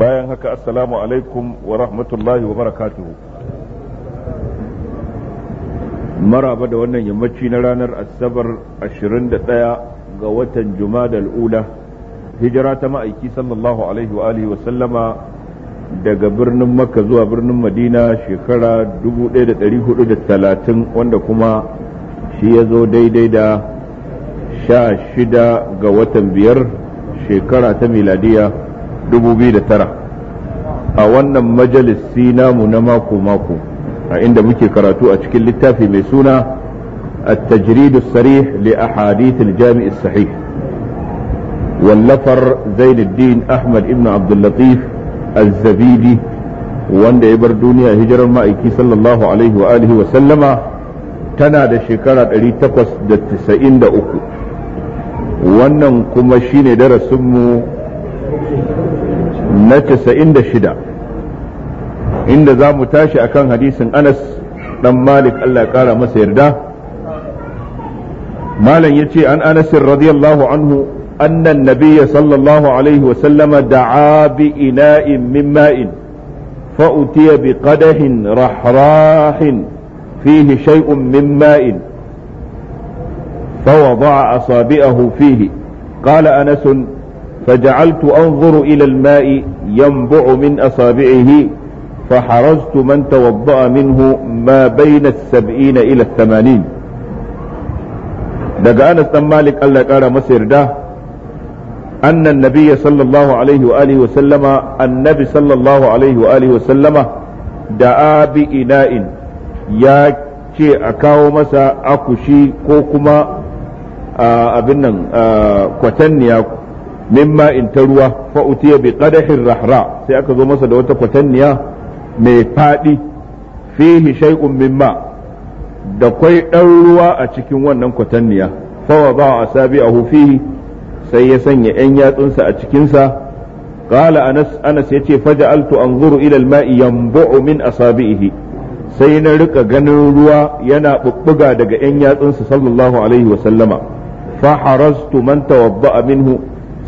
bayan haka assalamu alaikum wa rahmatullahi wa barakatuhu maraba da wannan yammaci na ranar asabar 21 ga watan da al'ula hijira ta ma'aiki sallallahu alaihi wa alihi wa sallama daga birnin makka zuwa birnin madina shekara 1430 wanda kuma shi ya zo daidai da sha shida ga watan biyar shekara ta miladiya 2009 a wannan majalisi namu na mako-mako a inda muke karatu a cikin littafi mai suna التجريد الصريح لأحاديث الجامع الصحيح واللفر زين الدين أحمد ابن عبد اللطيف zabidi wanda ya bar duniya hijirar ma'aiki sallallahu alaihi wa alihi wa sallama tana da shekara 893 wannan kuma shine darasinmu na 96 inda za mu tashi akan hadisin anas ɗan malik allah kara masa yarda malam ya ce an anas radiyallahu anhu annan nabiy sallallahu alaihi sallama da'a bi ina'in min ma'in fa utiya bi rahrahin fihi shay'un min ma'in fa wada'a asabi'ahu fihi ƙala anas فجعلت أنظر إلى الماء ينبع من أصابعه فحرزت من توضأ منه ما بين السبعين إلى الثمانين daga Anas dan Malik Allah kara masa yarda annan nabiyya sallallahu alaihi wa alihi wa sallama annabi da ya ce a kawo masa akushi ko kuma abin nan kwatanniya mimma in ta ruwa fa ya bi qadahin rahra sai aka zo masa da wata kwatanniya mai fadi fihi shay'un mimma da kwai dan ruwa a cikin wannan kwatanniya fa wa ba a fihi sai ya sanya yan yatsunsa a cikinsa qala anas anas yace faja'altu anzuru ila al-ma'i yanbu'u min asabi'ihi sai na rika ganin ruwa yana bubbuga daga 'yan yatsunsa sallallahu alaihi wasallama fa harastu man tawadda'a minhu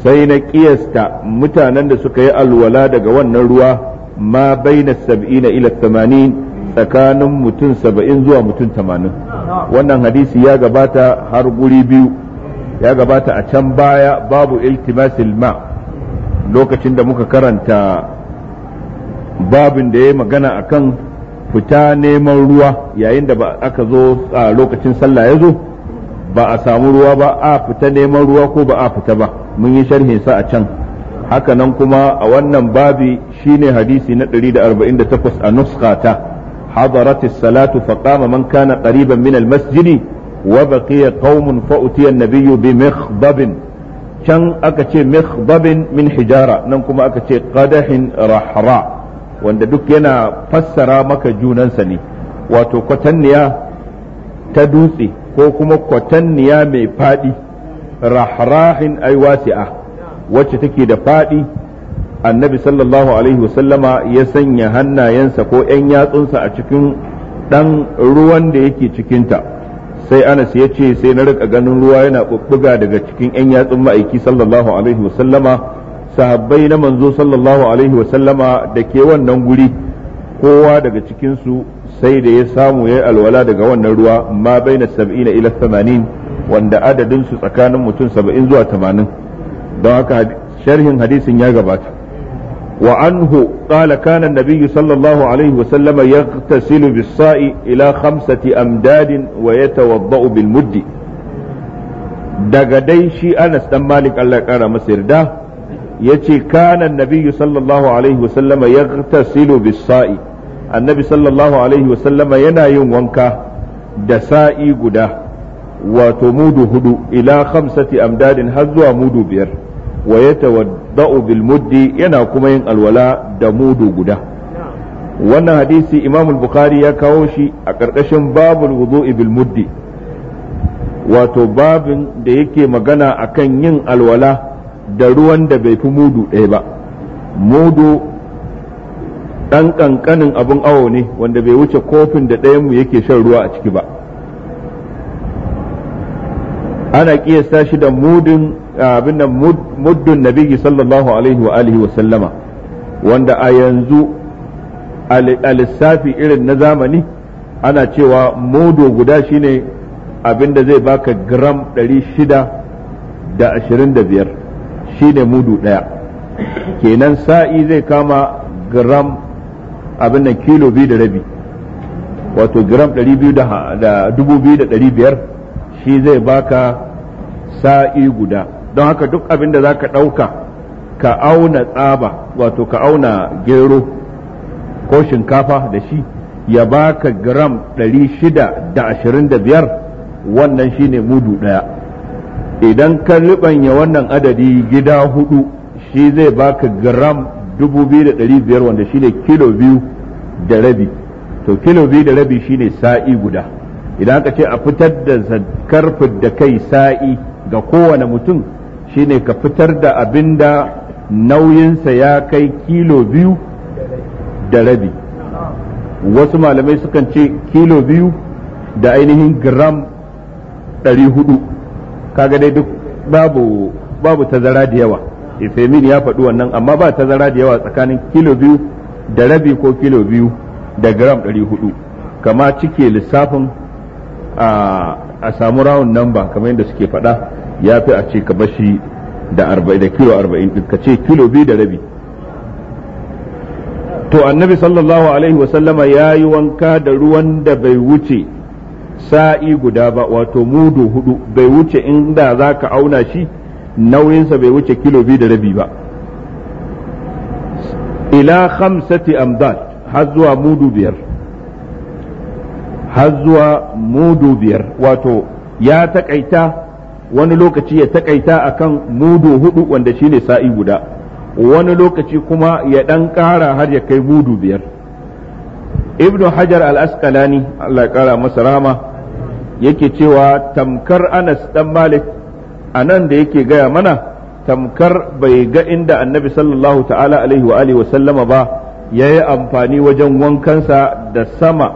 sai na kiyasta mutanen da suka yi alwala daga wannan ruwa ma baina sab'ina ila tamanin tsakanin mutum sab'in zuwa mutum tamanin wannan hadisi ya gabata har guri biyu ya gabata a can baya babu iltimasil ma lokacin da muka karanta babin da ya magana akan fita neman ruwa yayin da ba aka zo a lokacin sallah ya zo ba a samu ruwa ba a fita neman ruwa ko ba a fita ba mun yi sharhin sa a can haka nan kuma a wannan babi shine hadisi na 148 a nuskata hadarat salatu fa qama man kana qariban min al masjid wa baqiya qaumun fa utiya an-nabiy bi can aka ce mikhdabin min hijara nan kuma aka ce qadahin rahra wanda duk yana fassara maka junansa ne wato kwatanniya ta dutse ko kuma kwatanniya mai faɗi rahrahin ai wasi'a wacce take da faɗi annabi sallallahu alaihi wasallama ya sanya hannayensa ko 'yan yatsunsa a cikin ɗan ruwan da yake cikinta sai anas ya ce sai na rika ganin ruwa yana buga daga cikin 'yan yatsun ma'aiki sallallahu alaihi wasallama sahabbai na manzo sallallahu alaihi wasallama da ke wannan guri kowa daga cikinsu sai da ya samu ya yi alwala daga wannan ruwa ma bai na sab'ina ila tamanin wanda adadinsu tsakanin mutum saba'in zuwa tamanin don haka sharhin hadisin ya gabata wa anhu qala kana nabiyyu sallallahu alaihi wa sallama yaghtasilu bis-sa'i ila khamsati amdadin wa yatawadda'u bil muddi daga dai shi Anas dan Malik Allah ya kara masa yarda yace kana nabiyyu sallallahu alaihi wa sallama yaghtasilu bis-sa'i annabi sallallahu alaihi wasallama yana yin wanka da sa'i guda wato mudu hudu ila khamsati amdadin har zuwa mudu biyar wa yatawadda'u bil muddi yana kuma yin alwala da mudu guda wannan hadisi imam bukhari ya kawo shi a ƙarƙashin babul wudu'i bil muddi wato babin da yake magana akan yin alwala da ruwan da bai fi mudu ɗaya ba mudu ɗan ƙanƙanin abin awo ne wanda bai wuce kofin da ɗayan mu yake shan ruwa a ciki ba ana ƙiyasta shi da mudin abin da muddun nabiyyi sallallahu alaihi wa alihi wa sallama wanda a yanzu a lissafi irin na zamani ana cewa mudu guda shine abin da zai baka gram 625 shine mudu ɗaya kenan sa'i zai kama gram abin nan kilo biyu da rabi wato gram ɗari biyu da dubu biyu da ɗari biyar shi zai baka sa'i guda don haka duk abin da za ka ɗauka ka auna tsaba wato ka auna gero ko shinkafa da shi ya baka gram ɗari shida da ashirin da biyar wannan shi ne mudu ɗaya idan ka riɓanya wannan adadi gida hudu shi zai baka gram 2500 wanda shine kilo biyu da rabi to kilo biyu da rabi shine sa'i guda idan aka ce a fitar da karfi da kai sa'i ga kowane mutum shine ka fitar da abin da nauyinsa ya kai kilo biyu da rabi wasu malamai sukan ce kilo biyu da ainihin gram 400 kaga dai duk babu tazara da yawa Ifemin ya faɗi wannan amma ba tazara da yawa tsakanin kilo biyu da rabi ko kilo biyu da gram ɗari hudu kama cike lissafin a samu rawun nan ba kamar yadda suke faɗa ya fi a ce ka bashi da kilo arba'in ɗin ka ce kilo biyu da rabi to annabi sallallahu alaihi wasallama ya yi wanka da ruwan da bai wuce sa'i guda ba wato mudu hudu bai wuce inda za ka auna shi nauyinsa bai wuce kilo biyu da rabi ba ila khamsati amdad har zuwa mudu biyar har mudu biyar wato ya takaita wani lokaci ya takaita akan mudu hudu wanda shine sa'i guda wani lokaci kuma ya dan kara har ya kai mudu biyar ibnu hajar al-asqalani Allah ya kara masa rama yake cewa tamkar anas dan malik a nan da yake gaya mana tamkar bai ga inda annabi sallallahu ta'ala alaihi wa alihi sallama ba ya yi amfani wajen wankansa da sama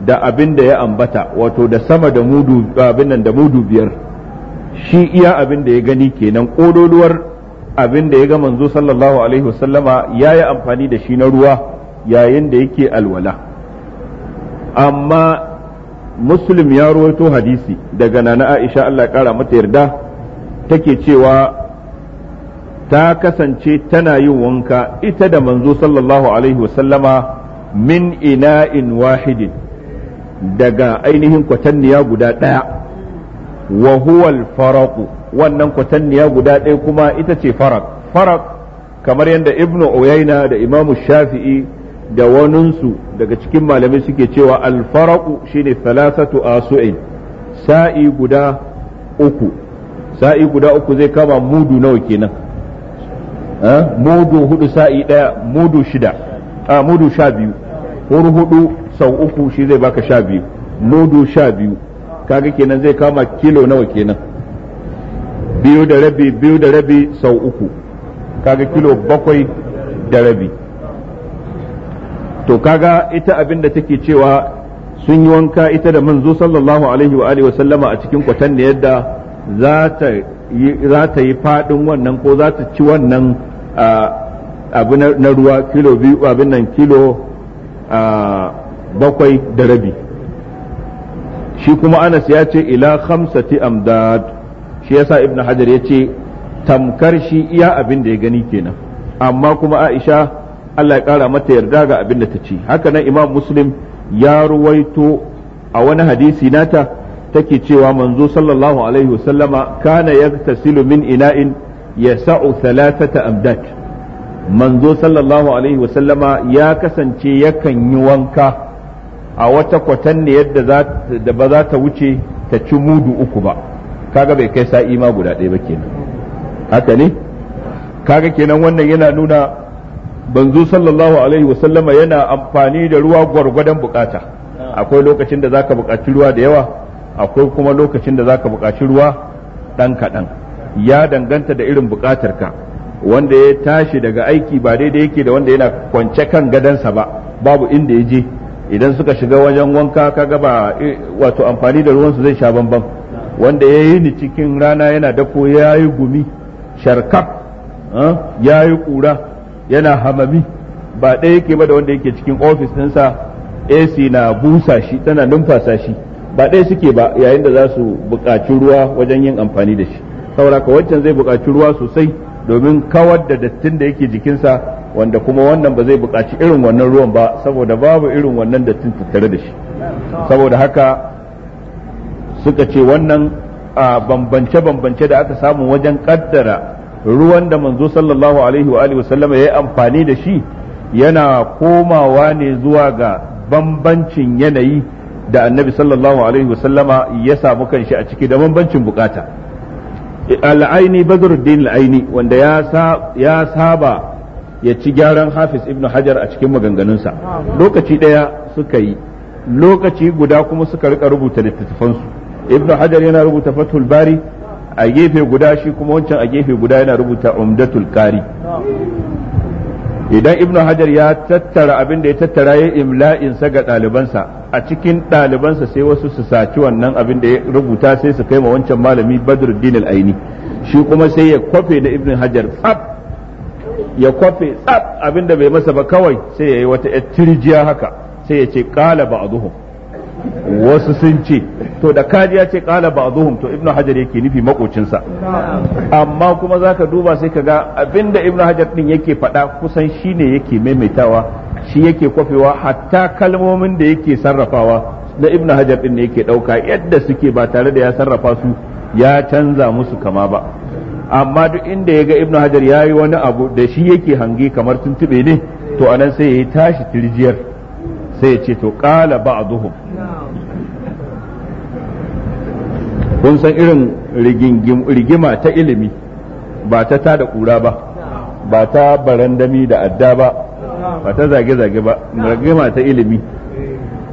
da abin da ya ambata wato da sama da mudu abin nan da mudu biyar shi iya abin da ya gani kenan kodoluwar abin da ya ga manzo sallallahu alaihi wasallama ya yi amfani da shi na ruwa yayin da yake alwala amma muslim ya ruwaito hadisi daga nana aisha Allah kara mata yarda take cewa ta kasance tana yin wanka ita da manzo sallallahu alaihi wasallama min ina'in wahidin daga ainihin kwatanniya guda ɗaya wa huwal faraku wannan kwatanniya guda ɗaya kuma ita ce farak farak kamar yadda ibnu uyaina da imamu shafi'i da waninsu daga cikin malamai suke cewa alfaraku shine salasatu asu'in sa'i guda uku sa'i guda uku zai kama mudu nawa kenan mudu hudu sa'i daya mudu shida a ah, mudu sha biyu huru hudu sau uku shi zai baka sha biyu mudu sha biyu kaga kenan zai kama kilo nawa kenan biyu da rabi biyu da rabi sau uku kaga kilo bakwai da rabi to kaga ita abin da take cewa sun yi wanka ita da manzo sallallahu alaihi wa alihi wa sallama a cikin kwatan da yadda za ta yi faɗin wannan ko za ta ci wannan abu na ruwa kilo biyu abin nan kilo bakwai da rabi shi kuma anas ya ce ila khamsati amdad shi yasa ibn hajar ya ce tamkar shi iya abin da ya gani kenan amma kuma aisha allah ya kara mata yarda ga abin da ta ci haka nan imam muslim ya ruwaito a wani hadisi nata take cewa manzo sallallahu alaihi wasallama kana yaktasilu min ina'in yasa'u thalathata amdat manzo sallallahu alaihi wasallama ya kasance yakan yi wanka a wata ne yadda da ba za ta wuce ta ci mudu uku ba kaga bai kai sa'i ma guda ɗaya ba kenan haka ne kaga kenan wannan yana nuna banzu sallallahu alaihi wasallama yana amfani da ruwa gwargwadon bukata akwai lokacin da zaka bukaci ruwa da yawa akwai kuma lokacin da zaka buƙaci ruwa ɗan kaɗan ya danganta da irin buƙatarka wanda ya tashi daga aiki ba daidai yake da wanda yana kwance kan gadansa ba babu inda ya je idan suka shiga wajen wanka ka gaba eh, wato amfani da ruwansu zai sha bambam wanda ya yi ni cikin rana yana dako ya yi gumi sharkaf eh, ya yi ƙura yana hamami ba ɗaya yake ba da wanda yake cikin ofis ɗinsa ac na busa shi tana numfasa shi ba ɗaya suke ba yayin da za su buƙaci ruwa wajen yin amfani da shi saboda ka wancan zai buƙaci ruwa sosai domin kawar da dattin da yake jikinsa wanda kuma wannan ba zai buƙaci irin wannan ruwan ba saboda babu irin wannan dattin tattare da shi saboda haka suka ce wannan a bambance-bambance da aka samu wajen kaddara ruwan da manzo sallallahu alaihi wa alihi wasallam ya amfani da shi yana komawa ne zuwa ga bambancin yanayi da annabi sallallahu alaihi wasallama ya samu kanshi a ciki da bambancin bukata al'aini badruddin al'aini wanda ya saba ya ci gyaran hafiz ibnu hajar a cikin maganganunsa lokaci ɗaya suka yi lokaci guda kuma suka rika rubuta littattafansu ibnu hajar yana rubuta fathul bari a gefe guda shi kuma wancan a gefe guda yana rubuta umdatul kari idan ibnu hajar ya tattara abin da ya tattara ya imla'insa ga ɗalibansa a cikin ɗalibansa sai wasu su saci wannan abin da ya rubuta sai su kai ma wancan malami badruddin al-aini shi kuma sai ya kwafe da ibn hajar tsab ya kwafe tsab abin da bai masa ba kawai sai ya yi wata tirjiya haka sai ya ce qala ba'dhum wasu sun ce to da kaji ya ce qala ba'dhum to ibn hajar yake nufi makocinsa amma kuma zaka duba sai ka ga abin da ibn hajar din yake faɗa kusan shine yake maimaitawa shi yake kwafewa hatta kalmomin da yake sarrafawa na ibn hajar din ne yake ɗauka yadda suke ba tare da ya sarrafa su ya canza musu kama ba amma duk inda ya ga ibn hajar ya yi wani abu da shi yake hange kamar tuntube ne to anan sai ya tashi tirjiyar sai ya ce to ƙala zuhu. kun san irin rigima ta ilimi ba ta tada ƙura ba ba ta barandami da adda ba ba ta zage-zage ba rigima ta ilimi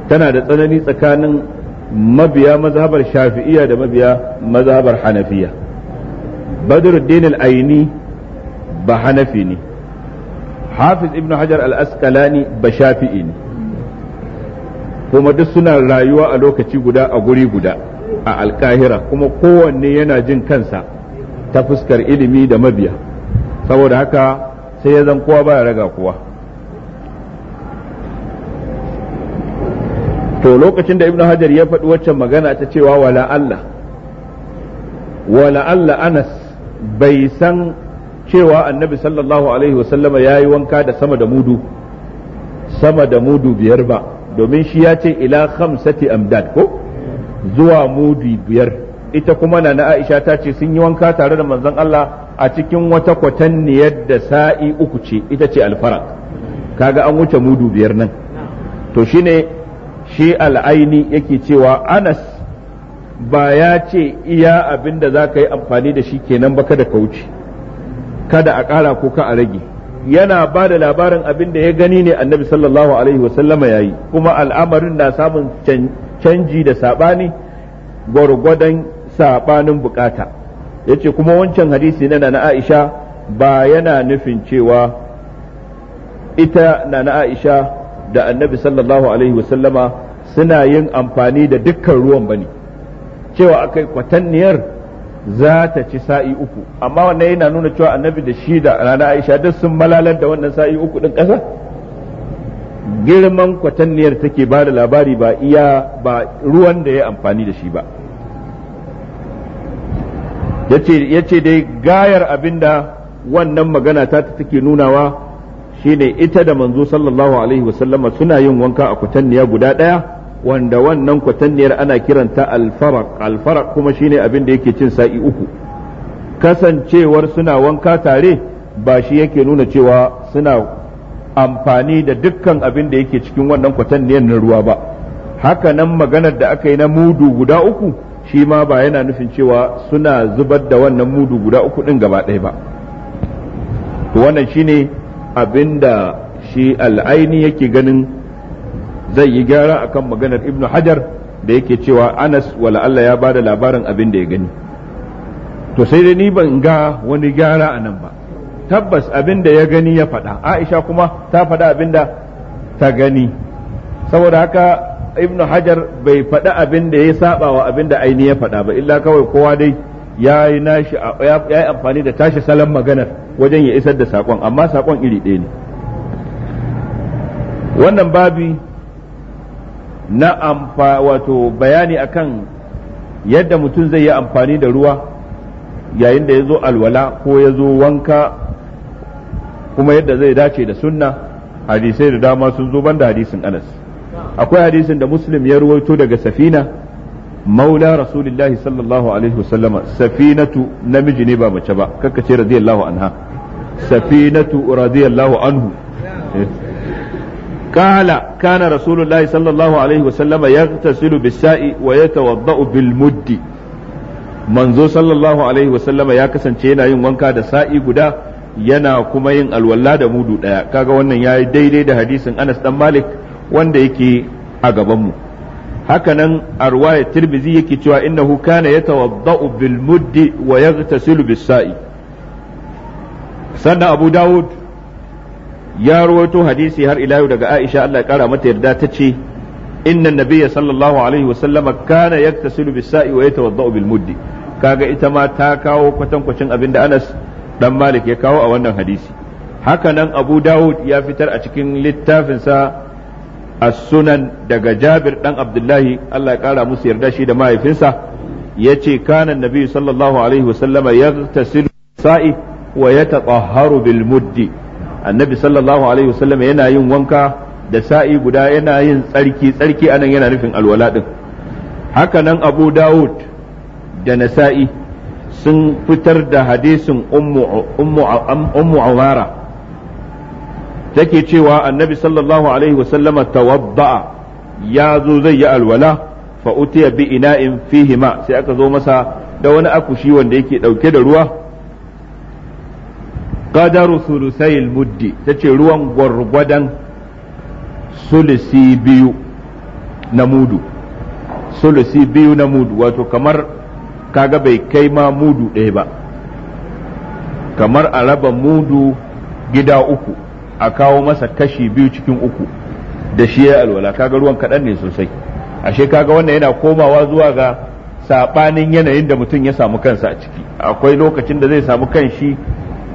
tana da tsanani tsakanin mabiya mazhabar shafi'iyya da mabiya mazhabar hanafiya badruddin al-aini ba hanafi ne hafiz ibn hajar al-asqalani ba shafi'i ne kuma duk suna rayuwa a lokaci guda a guri guda a alkahira kuma kowanne yana jin kansa ta fuskar ilimi da mabiya saboda haka sai ya zan kowa baya raga kowa to lokacin da ibnu hajar ya faɗi waccan magana ta cewa wala Allah wala Allah Anas bai san cewa annabi sallallahu alaihi wasallama ya yi wanka da sama da mudu sama da mudu biyar ba domin shi ya ce ila khamsati amdad ko zuwa mudu biyar ita kuma na na Aisha ta ce sun yi wanka tare da manzon Allah a cikin wata kwatanniyar da sa'i uku ce ita ce alfarak kaga an wuce mudu biyar nan to shine shi al'aini yake cewa anas ba ya ce iya abin da za ka yi amfani da shi kenan ba kada ka wuce kada a ƙara ko ka a rage yana ba da labarin abin da ya gani ne annabi sallallahu alaihi wasallama ya yi kuma al'amarin na samun canji da saɓani gwargwadon saɓanin bukata ya ce kuma wancan hadisi na na aisha ba yana nufin cewa ita na aisha da annabi sallallahu alaihi wasallama suna yin amfani da dukkan ruwan bane cewa akai kwatanniyar za ta ci sa'i uku amma wannan yana nuna cewa annabi da shi da rana aisha duk sun malalar da wannan sa'i uku din ƙasa girman kwatanniyar take ba da labari ba iya ba ruwan da ya amfani da shi ba ya ce dai gayar abinda wannan magana ta take nunawa shine ita da manzo sallallahu alaihi wasallama suna yin wanka a kwatanniya guda ɗaya wanda wannan kwatanniyar ana kiranta alfarak alfarak kuma shine abin da yake cin sa'i uku kasancewar suna wanka tare ba shi yake nuna cewa suna amfani da dukkan abin da yake cikin wannan kwatanniyar na ruwa ba haka nan maganar da aka yi na mudu guda uku shi ma ba yana nufin cewa suna zubar da wannan mudu guda uku din gaba ɗaya ba wannan shine abin da shi al'aini yake ganin zai yi gyara akan maganar ibnu hajar da yake cewa anas wala Allah ya bada labarin abin da ya gani to sai dai ni ban ga wani gyara a nan ba tabbas abin da ya gani ya faɗa aisha kuma ta faɗa abin da ta gani saboda haka ibnu hajar bai faɗi abin da ya saba wa abin da aini ya faɗa ba illa kawai kowa dai ya yi nashi ya yi amfani da tashi salon maganar wajen ya isar da saƙon amma saƙon iri ɗaya ne wannan babi na amfa wato bayani akan yadda mutum zai yi amfani da ruwa yayin da ya zo alwala ko ya zo wanka kuma yadda zai dace da sunna hadisai da dama sun zo banda hadisin anas akwai hadisin da muslim ya ruwaito daga safina maula rasulullahi sallallahu alaihi wasallama safinatu namiji ne ba mace ba kakkace radiyallahu anha safinatu radiyallahu anhu qala kana rasulullahi sallallahu alaihi wasallama yaghtasilu bisa'i wa yatawadda'u bil manzo sallallahu alaihi wasallama ya kasance yana yin wanka da sa'i guda yana kuma yin alwala da mudu daya kaga wannan yayi daidai da hadisin Anas dan Malik wanda yake a gaban mu hakanan a ruwayar tirmizi yake cewa innahu kana yatawadda'u bil muddi wa yaghtasilu bis sa'i sannan abu dawud ya rawaito hadisi har ila daga Aisha Allah ya kara mata yarda ta ce inna nabiyya sallallahu alaihi wa sallama kana yaktasilu bisai sai wa yatawadda'u bil-muddi kaga ita ma ta kawo kwatankwacin abin da Anas dan Malik ya kawo a wannan hadisi haka nan Abu Dawud ya fitar a cikin littafinsa as-sunan daga Jabir dan Abdullahi Allah ya kara musu yarda shi da mahaifinsa yace kana nabiyyu sallallahu alaihi wa sallama yaktasilu sai wa yatatahharu bil-muddi annabi sallallahu alaihi wasallam yana yin wanka da sa'i guda yana yin tsarki tsarki anan yana nufin alwala din haka nan abu dawud da nasa'i sun fitar da hadisin ummu awara take cewa annabi sallallahu alaihi wasallama tawadda'a ya zo zai yi alwala fa utiya bi ina'in fihi ma sai aka zo masa da wani akushi wanda yake dauke da ruwa qadaru sulusai muddi tace ruwan gwargwadon sulusi biyu na mudu sulusi biyu na mudu wato kamar kaga bai kai ma mudu ɗaya ba kamar a raba mudu gida uku a kawo masa kashi biyu cikin uku da shi ya alwala kaga ruwan kaɗan ne sosai ashe kaga wannan yana komawa zuwa ga saɓanin yanayin da mutum ya samu kansa a ciki akwai lokacin da zai samu kanshi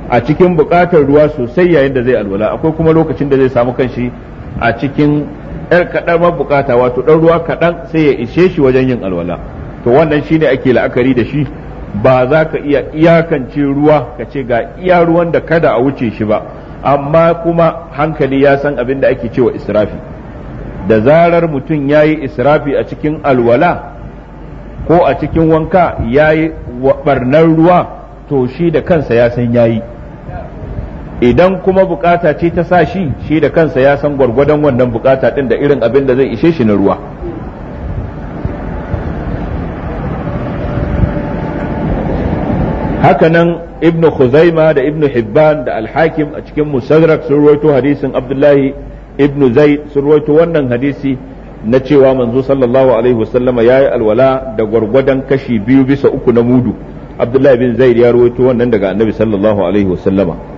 a cikin buƙatar ruwa sosai yayin da zai alwala akwai kuma lokacin da zai samu kanshi a cikin yar kaɗan bukata wato ɗan ruwa kaɗan sai ya ishe shi wajen yin alwala to wannan shine ake la'akari da shi ba za ka iya iyakance ruwa ka ce ga iya ruwan da kada a wuce shi ba amma kuma hankali ya san abin da ake cewa israfi da zarar mutum ya yi israfi a cikin alwala ko a cikin wanka ya yi barnar ruwa to shi da kansa ya san ya yi idan kuma bukata ce ta sa shi shi da kansa ya san gwargwadon wannan bukata ɗin da irin abin da zai ishe shi na ruwa hakanan ibn khuzaima da ibn hibban da alhakim a cikin musadrak sun ruwaito hadisin abdullahi ibn zaid sun ruwaito wannan hadisi na cewa manzo sallallahu alaihi wasallama ya yi alwala da gwargwadon kashi biyu bisa uku na mudu abdullahi bin zaid ya ruwaito wannan daga annabi sallallahu alaihi wasallama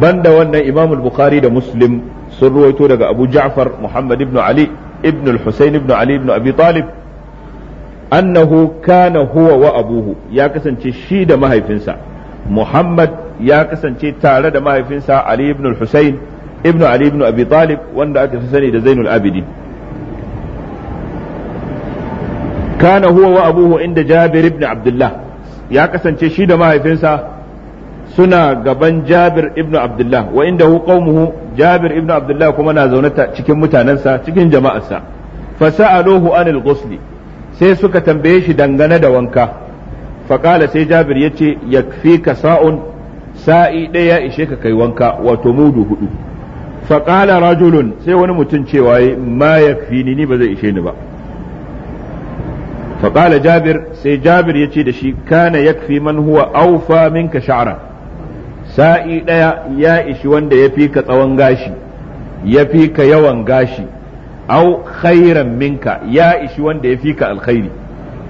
banda wannan imam al-bukhari da muslim sun ruwaito daga abu ja'far muhammad ibn ali ibn al-husayn ibn ali ibn abi talib annahu kana huwa wa abuhu ya kasance shi da mahaifinsa muhammad ya kasance tare da mahaifinsa ali ibn al-husayn ibn ali ibn abi talib wanda aka fi sani da zainul abidin kana huwa wa abuhu inda jabir ibn abdullah ya kasance shi da mahaifinsa suna gaban Jabir ibn Abdullah wa inda hu qaumuhu Jabir ibn Abdullah kuma na zaune cikin mutanansa, cikin jama'arsa fa sa'aluhu anil ghusli sai suka tambaye shi dangane da wanka fa qala sai Jabir yace yakfika sa'un sa'i daya ishe ka kai wanka wato mudu hudu fa qala rajulun sai wani mutum cewa ma yakfini ni ba zai ishe ni ba fa Jabir sai Jabir yace da shi kana yakfi man huwa awfa minka sha'ran sa'i ɗaya ya ishi wanda ya fi ka tsawon gashi ya fi ka yawan gashi au khairan minka ya ishi wanda ya fi ka alkhairi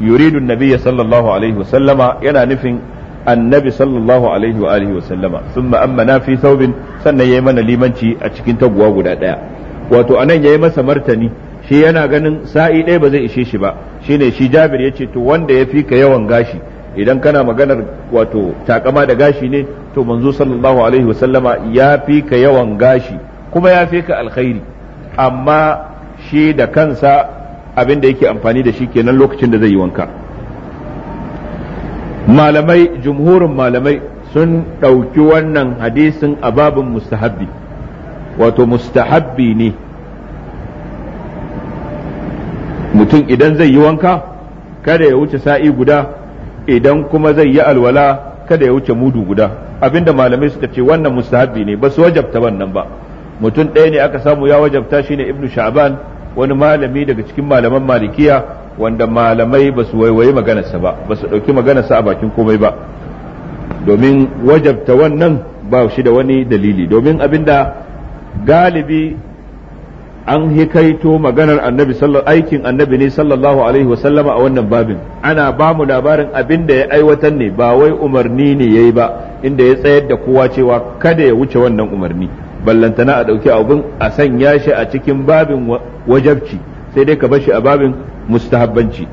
yuridu nabiyya sallallahu alaihi wasallama yana nufin annabi sallallahu alaihi wa alihi wasallama thumma amma na fi thawbin sannan yayi mana limanci a cikin taguwa guda ɗaya wato anan yayi masa martani shi yana ganin sa'i ɗaya ba zai ishe shi ba shine shi Jabir ce to wanda ya fi ka yawan gashi idan kana maganar wato takama da gashi ne to manzo sallallahu alaihi wasallama ya fi ka yawan gashi kuma ya fi ka alkhairi amma shi da kansa abin da yake amfani da shi kenan lokacin da zai yi wanka malamai jumhurin malamai sun ɗauki wannan hadisin a babin mustahabbi wato mustahabbi ne mutum idan zai yi wanka kada ya wuce sa'i guda idan kuma zai yi alwala kada ya wuce mudu guda abinda malamai suka ce wannan mustahab'i ne ba su wajabta wannan ba mutum ɗaya ne aka samu ya wajabta shine ibnu sha'ban wani malami daga cikin malaman malikiya wanda malamai ba su waiwayi maganarsa ba ba su ɗauki maganarsa a bakin komai ba domin wajabta wannan ba shi da wani dalili domin abinda galibi an hikaito maganar annabi aikin annabi ne sallallahu alaihi wasallama a wannan babin ana ba mu labarin abin da ya aiwatar ne ba wai umarni ne ya yi ba inda ya tsayar da kowa cewa kada ya wuce wannan umarni ballantana a ɗauki abin a sanya shi a cikin babin wajabci sai dai ka bar shi a babin mustahabbanci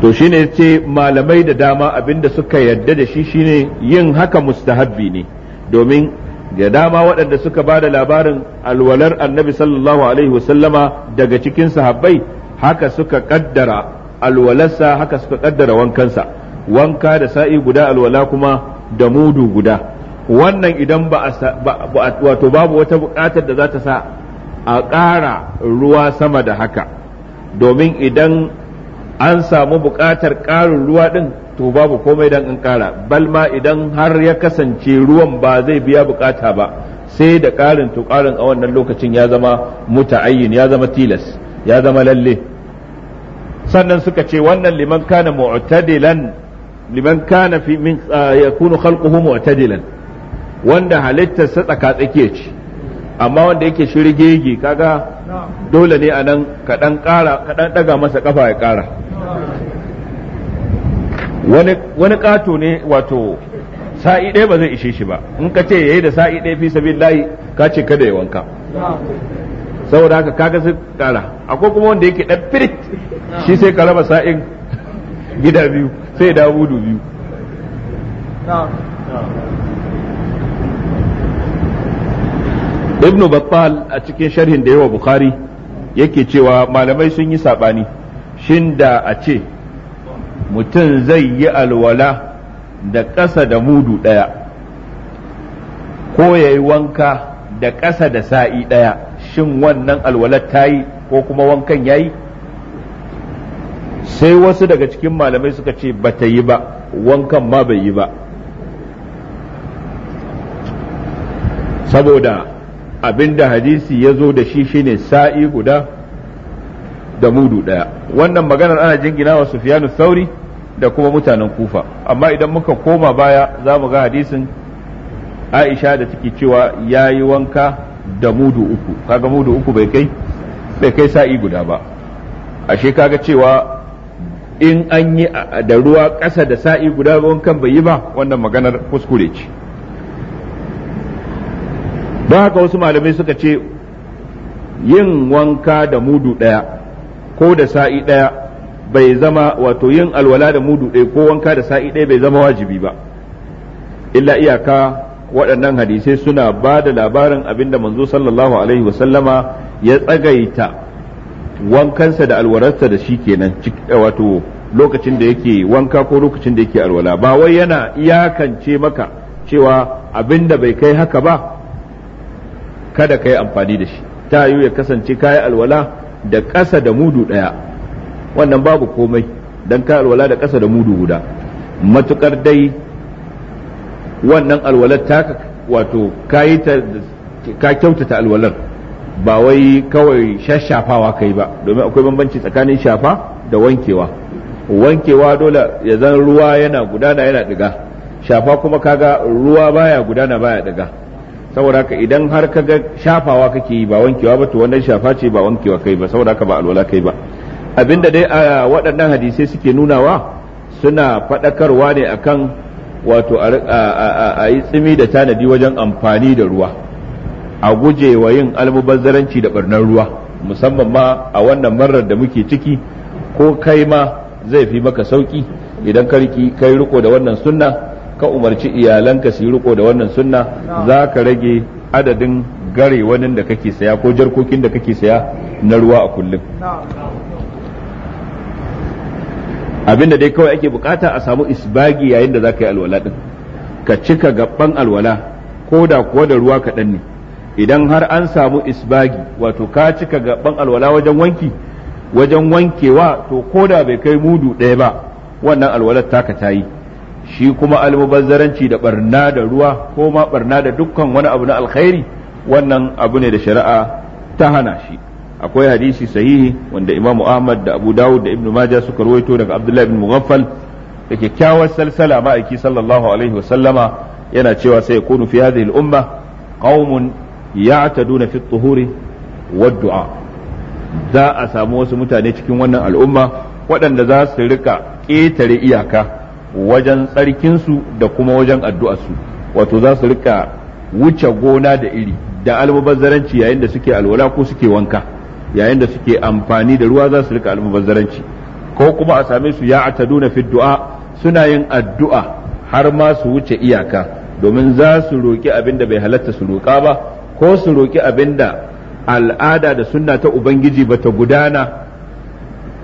to shine ce malamai da dama abin da suka yadda da shi shine yin haka mustahabbi ne domin da dama waɗanda suka ba da labarin alwalar annabi sallallahu alaihi wasallama daga cikin sahabbai haka suka kaddara alwalarsa haka suka kaddara wankansa wanka da sa'i guda alwala kuma da mudu guda wannan idan ba wato babu wata buƙatar da za ta sa a ƙara ruwa sama da haka domin idan an samu buƙatar ƙarin ruwa ɗin to babu komai dan in kara bal ma idan har ya kasance ruwan ba zai biya bukata ba sai da karin to karin a wannan lokacin ya zama muta'ayyin ya zama tilas ya zama lalle sannan suka ce wannan liman kana mu'tadilan liman kana fi min yakunu khalquhu mu'tadilan wanda sa tsaka tsakiya ce amma wanda yake shirgege kaga dole ne anan kaɗan kaɗan ɗaga masa kafa ya ƙara wani kato ne wato sa'i ɗaya ba zai ishe shi ba in ka ce yayi da sa'i ɗaya fi sabi layi ka ce kada ya wanka saboda haka kaga sai ƙara akwai kuma wanda yake ɗan firit shi sai ka raba sa'in gida biyu sai ya dawo biyu ibnu battal a cikin sharhin da yawa bukhari yake cewa malamai sun yi saɓani shin da a ce mutum zai yi alwala da ƙasa da mudu ɗaya ko ya yi wanka da ƙasa da sa'i ɗaya shin wannan alwalar ta yi ko kuma wankan ya yi sai wasu daga cikin malamai suka ce ba ta yi ba wankan ma bai yi ba saboda abinda hadisi ya zo da shi shine sa'i guda da mudu ɗaya wannan maganar ana jingina wa sufiyanu sauri da kuma mutanen kufa amma idan muka koma baya za mu ga hadisin aisha da take cewa ya yi wanka da mudu uku kaga mudu uku bai kai bai kai sa'i guda ba ashe kaga cewa in an yi da ruwa ƙasa da sa'i guda wankan bai yi ba wannan maganar kuskure ce don haka wasu malamai suka ce yin wanka da mudu ɗaya ko da sa'i ɗaya bai zama wato yin alwala da mudu ɗaya ko wanka da sa'i ɗaya bai zama wajibi ba illa iyaka waɗannan hadisai suna ba da labarin abinda manzo sallallahu alaihi wasallama ya tsagaita wankansa da alwararsa da shi kenan eh, wato lokacin da yake wanka ko lokacin da yake alwala ba wai yana iyakance maka cewa abin da bai kai haka ba kada ka yi amfani da shi ta yiwu ya kasance kayi alwala da ƙasa da mudu ɗaya wannan babu komai don ka alwala da ƙasa da mudu guda matukar dai wannan alwalar ta wato ka kyautata alwalar ba wai kawai shashafawa kai ba domin akwai bambanci tsakanin shafa da wankewa wankewa dole ya zan ruwa yana gudana yana diga shafa kuma kaga ruwa baya gudana baya diga saboda haka idan har kaga shafawa kake yi ba wankewa ba to wannan shafa ce ba wankewa kai ba saboda haka ba alwala kai ba abinda dai a waɗannan hadisai suke nunawa suna faɗakarwa ne akan wato a yi tsimi da tanadi wajen amfani da ruwa a guje wa yin almubazzaranci da ɓarnar ruwa musamman ma a wannan marar da muke ciki ko kai ma zai fi maka sauki idan karki kai riko da wannan sunna ka umarci iyalanka su yi riko da wannan sunna za ka rage adadin gare wani da kake saya ko jarkokin da kake saya na ruwa a kullum abinda dai kawai ake bukata a samu isbagi yayin da za yi alwala din ka cika gaban alwala ko da kuwa da ruwa kaɗan ne idan har an samu isbagi wato ka cika gaban alwala wajen wanki wajen wankewa to ko da bai kai mudu ɗaya ba wannan alwalar taka ta yi shi kuma almubazzaranci da barna da ruwa ko ma barna da dukkan wani abu na alkhairi wannan abu ne da shari'a ta hana shi akwai hadisi sahihi wanda Imam Ahmad da Abu Dawud da ibnu Majah suka ruwaito daga abdullahi ibn Mughaffal da kyakkyawar salsala ma'aiki sallallahu alaihi wa sallama yana cewa sai ko fi hadhihi al-umma qaumun ya'taduna fi tuhuri dua za a samu wasu mutane cikin wannan al'umma waɗanda za su rika ƙetare iyaka wajen tsarkinsu da kuma wajen addu'arsu wato za su rika wuce gona da iri da almubazzaranci yayin da suke alwala ko suke wanka yayin da suke amfani da ruwa za su rika almubazzaranci ko kuma a same su ya ataduna fi du'a suna yin addu'a har ma su wuce iyaka domin za su roki abin da bai halatta su roka ba ko su roki abin da al'ada da sunna ta ubangiji bata gudana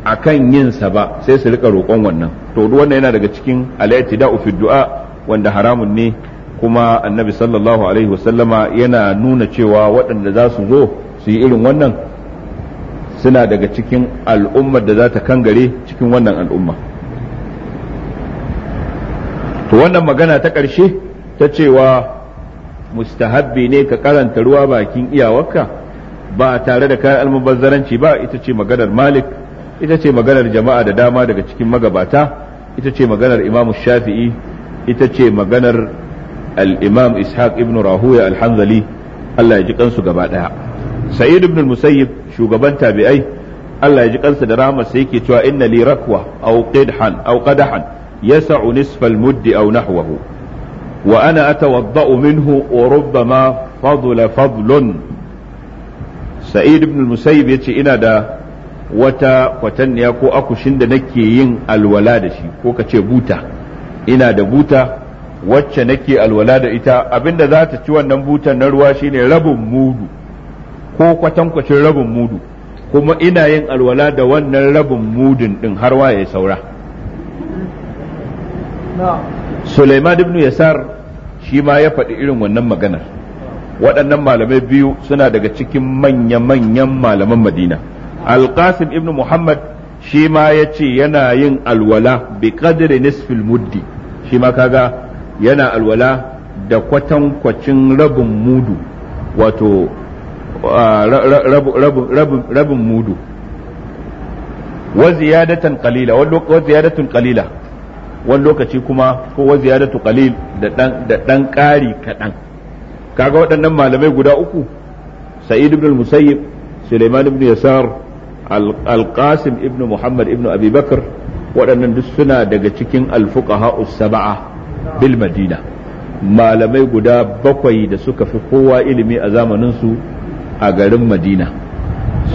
akan yin sa ba sai su rika roƙon wannan to wannan yana daga cikin al da fi du'a wanda haramun ne kuma annabi sallallahu alaihi wasallama yana nuna cewa waɗanda za su zo su yi irin wannan suna daga cikin al'ummar da za ta kangare cikin wannan al'umma to wannan magana ta ƙarshe ta cewa mustahabbi ne ka karanta ruwa bakin iyawarka ba tare da kayan almubazzaranci ba ita ce maganar malik ita ce maganar jama'a da dama daga cikin magabata ita ce maganar imamu shafi'i ita ce maganar al'imam ishaq ibn rahuya alhanzali allah ya ji kansu gaba ɗaya sa'id ibn musayyib shugaban tabi'ai Allah ya ji kansa da ramasa sai yake cewa inna li rakwa aw qidhan aw qadahan yas'u nisfa al-mudd aw nahwahu wa ana atawadda'u minhu wa rubbama fadla fadlun sa'id ibn musayyib yace ina da wata kwatanniya ko akushin da nake yin alwala da shi ko kace buta ina da buta wacce nake alwala da ita abinda za ta ci wannan butan na ruwa shine rabin mudu ko kwatankwacin rabin mudu kuma ina yin alwala da wannan rabin mudun din har waye saura Suleiman ibn Yasar shi ma ya faɗi irin wannan maganar waɗannan malamai biyu suna daga cikin manya-manyan malaman Madina Alƙasim ibn Muhammad shi ma ya ce yana yin alwala bi qadri nisfil muddi shi ma kaga yana alwala da kwatankwacin rabin mudu wato Ah, rabin mudu wa ziyadatan qalila wani lokaci kuma ko wa ziyadatu qalil da dan da dan kari kaɗan. kaga waɗannan malamai guda uku sa'id ibn musayyib sulaiman ibn yasar al ibn muhammad ibn abi bakr waɗannan duk suna daga cikin al sab'a bil madina malamai guda bakwai da suka fi kowa ilimi a zamanin su a garin madina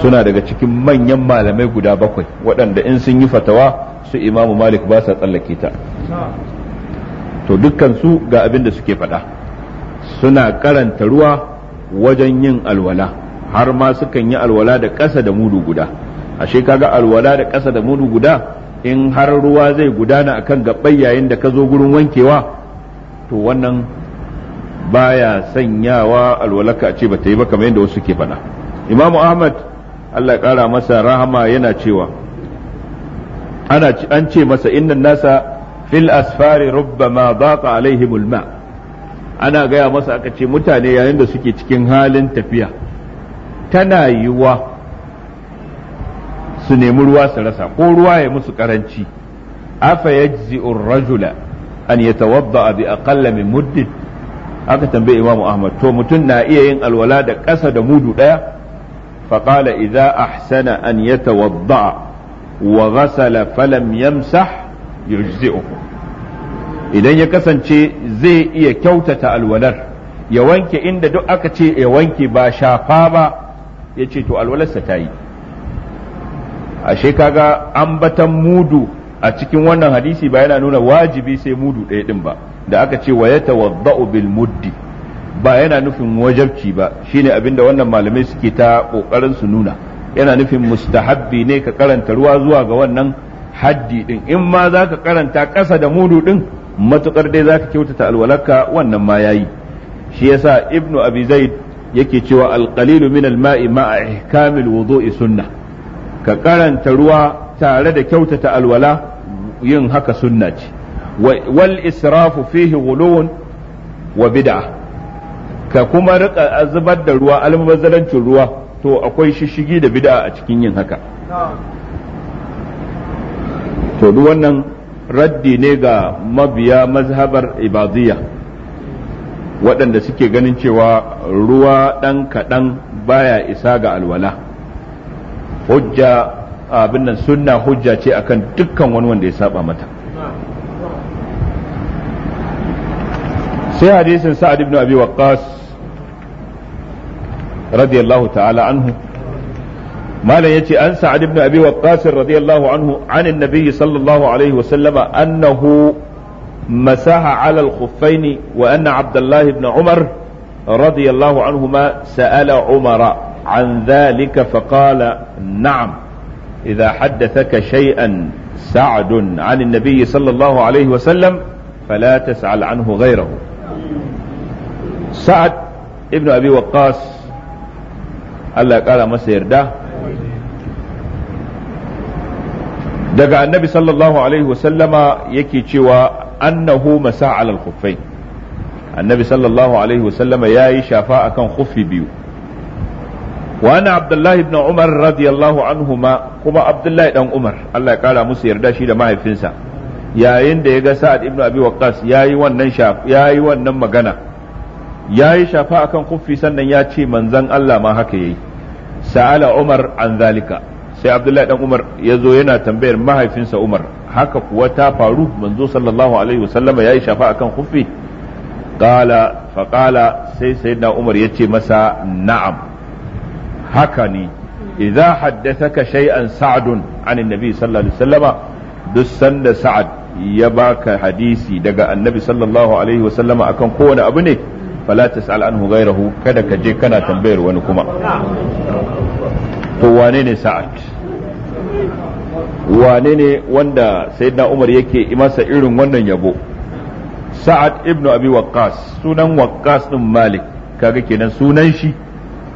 suna daga cikin manyan malamai guda bakwai waɗanda in sun yi fatawa su imamu malik ba sa tsallake ta to dukkansu ga abin da suke faɗa suna karanta ruwa wajen yin alwala har ma sukan yi alwala da ƙasa da mudu guda ashe kaga alwala da ƙasa da mudu guda in har ruwa zai gudana akan gaɓɓai yayin da ka zo gurin wankewa to wannan baya sanyawa alwalaka a ce bata yi ba kamar yadda wasu ke faɗa imamu ahmad allah ƙara masa rahama yana cewa ana an ce masa innan nasa fil asfari ma baqa alaihi mulma. ana gaya masa aka ce mutane yayin da suke cikin halin tafiya tana yiwuwa su nemi ruwa su rasa ko ruwa ya musu karanci afa yajzi'ur rajula an yatawadda bi aqalla min muddin aka tambaye Imam Ahmad to mutum na iya yin alwala da ƙasa da mudu ɗaya فقال إذا أحسن أن يتوضأ وغسل فلم yamsah يجزئه idan ya kasance zai iya kyautata alwalar ya wanke inda duk aka ce ya wanke ba shafa ba yace ce to alwalarsa ta yi ashe kaga ambatan mudu a cikin wannan hadisi ba yana nuna wajibi sai mudu ɗaya din ba da aka ce wa yatawadda'u bil muddi ba yana nufin wajabci ba shine abinda wannan malamai suke ta kokarin su nuna yana nufin mustahabbi ne ka karanta ruwa zuwa ga wannan haddi din in ma za ka karanta ƙasa da mudu din matukar dai za ka kyautata alwalarka wannan ma yayi shi yasa ibnu abi zaid yake cewa alƙalilu min alma'i ma'a ihkamil wudu'i sunna ka karanta ruwa tare da kyautata alwala yin haka sunna ce wal israfu fihi guluwun wa bid'a ka kuma rika zubar da ruwa almubazzalancin ruwa to akwai shishigi da bid'a a cikin yin haka to duk wannan raddi ne ga mabiya mazhabar ibadiyya waɗanda suke ganin cewa ruwa ɗan kaɗan baya isa ga alwala hujja abin nan sunna hujja ce akan dukkan wani wanda ya saba mata في حديث سعد بن ابي وقاص رضي الله تعالى عنه ما لا يتي عن سعد بن ابي وقاص رضي الله عنه عن النبي صلى الله عليه وسلم انه مساها على الخفين وان عبد الله بن عمر رضي الله عنهما سال عمر عن ذلك فقال نعم اذا حدثك شيئا سعد عن النبي صلى الله عليه وسلم فلا تسأل عنه غيره sa'ad ibn abi waqqas Allah ya kara masa yarda daga annabi sallallahu alaihi wasallama yake cewa annahu masa alal khuffain annabi sallallahu alaihi wasallama yayi shafa akan kufi biyu wa ana abdullahi ibn umar radiyallahu anhuma kuma abdullahi dan umar Allah ya kara musu yarda shi da mahaifinsa yayin da ya ga sa'ad ibn abi waqqas yayi wannan yayi wannan magana ya yi shafa akan kufi sannan ya ce manzan Allah ma haka yayi sa'ala Umar an zalika sai Abdullahi dan Umar ya zo yana tambayar mahaifinsa Umar haka kuwa ta faru manzo sallallahu alaihi wasallama ya yi shafa akan kufi qala fa qala sai sayyidina Umar ya ce masa na'am haka ne idza haddathaka shay'an sa'dun an annabi sallallahu alaihi wasallama duk sanda sa'ad ya baka hadisi daga annabi sallallahu alaihi wasallama akan kowane abu ne fala tas'al anhu ghayrahu kada ka je kana tambayar wani kuma to wane ne sa'ad wane ne wanda sayyidina umar yake masa irin wannan yabo sa'ad ibnu abi waqqas sunan waqqas din malik kaga kenan sunan shi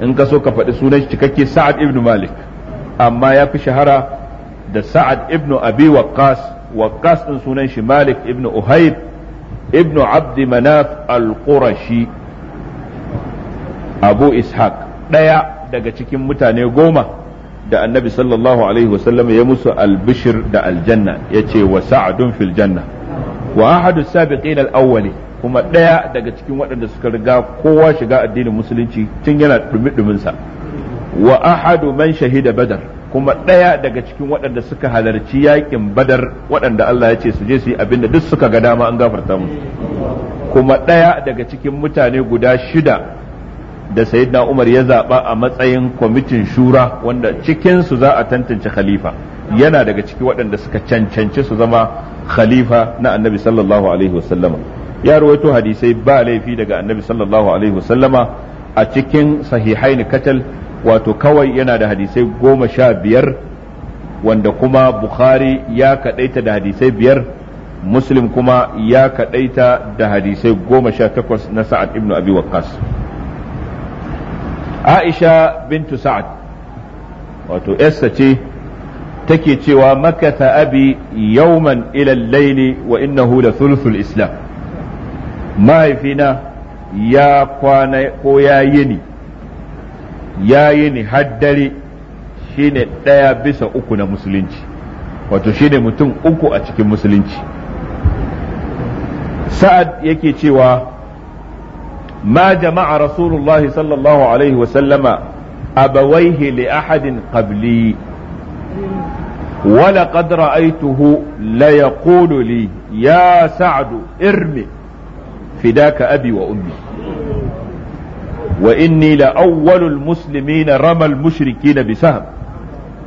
in ka so ka faɗi sunan shi cikakke sa'ad ibnu malik amma ya fi shahara da sa'ad ibnu abi waqqas waqqas din sunan shi malik Ibn uhayb ibnu Abdi manaf al-qurashi abu ishaq ɗaya daga cikin mutane goma da annabi sallallahu alaihi wasallam ya musu albishir da aljanna ya ce wa sa'adun fil janna wa ahadu sabiqin al-awwali kuma ɗaya daga cikin waɗanda suka riga kowa shiga addinin musulunci tun yana ɗumi sa wa ahadu man shahida badar kuma ɗaya daga cikin waɗanda suka halarci yakin badar waɗanda Allah ya ce su je su yi abinda duk suka ga dama an gafarta musu kuma ɗaya daga cikin mutane guda shida da sayyidina umar ya zaɓa a matsayin kwamitin shura wanda cikinsu za a tantance khalifa yana daga ciki waɗanda suka cancanci su zama khalifa na annabi sallallahu alaihi wasallama ya rawaito hadisai ba laifi daga annabi sallallahu alaihi wasallama a cikin sahihaini katal wato kawai yana da hadisai goma sha biyar wanda kuma bukhari ya kaɗaita da hadisai biyar muslim kuma ya kaɗaita da hadisai goma sha takwas na sa'ad ibnu abi waqqas aisha bintu sa'ad wato yarsa ce take cewa maka abi yauman ilal laili wa innahu la thuluthul islam mahaifina ya kwana ko ya yini ya yini haddare shine ɗaya bisa uku na musulunci wato shine mutum uku a cikin musulunci sa'ad yake cewa ما جمع رسول الله صلى الله عليه وسلم أبويه لأحد قبلي ولقد رأيته ليقول لي يا سعد ارمي فداك أبي وأمي وإني لأول المسلمين رمى المشركين بسهم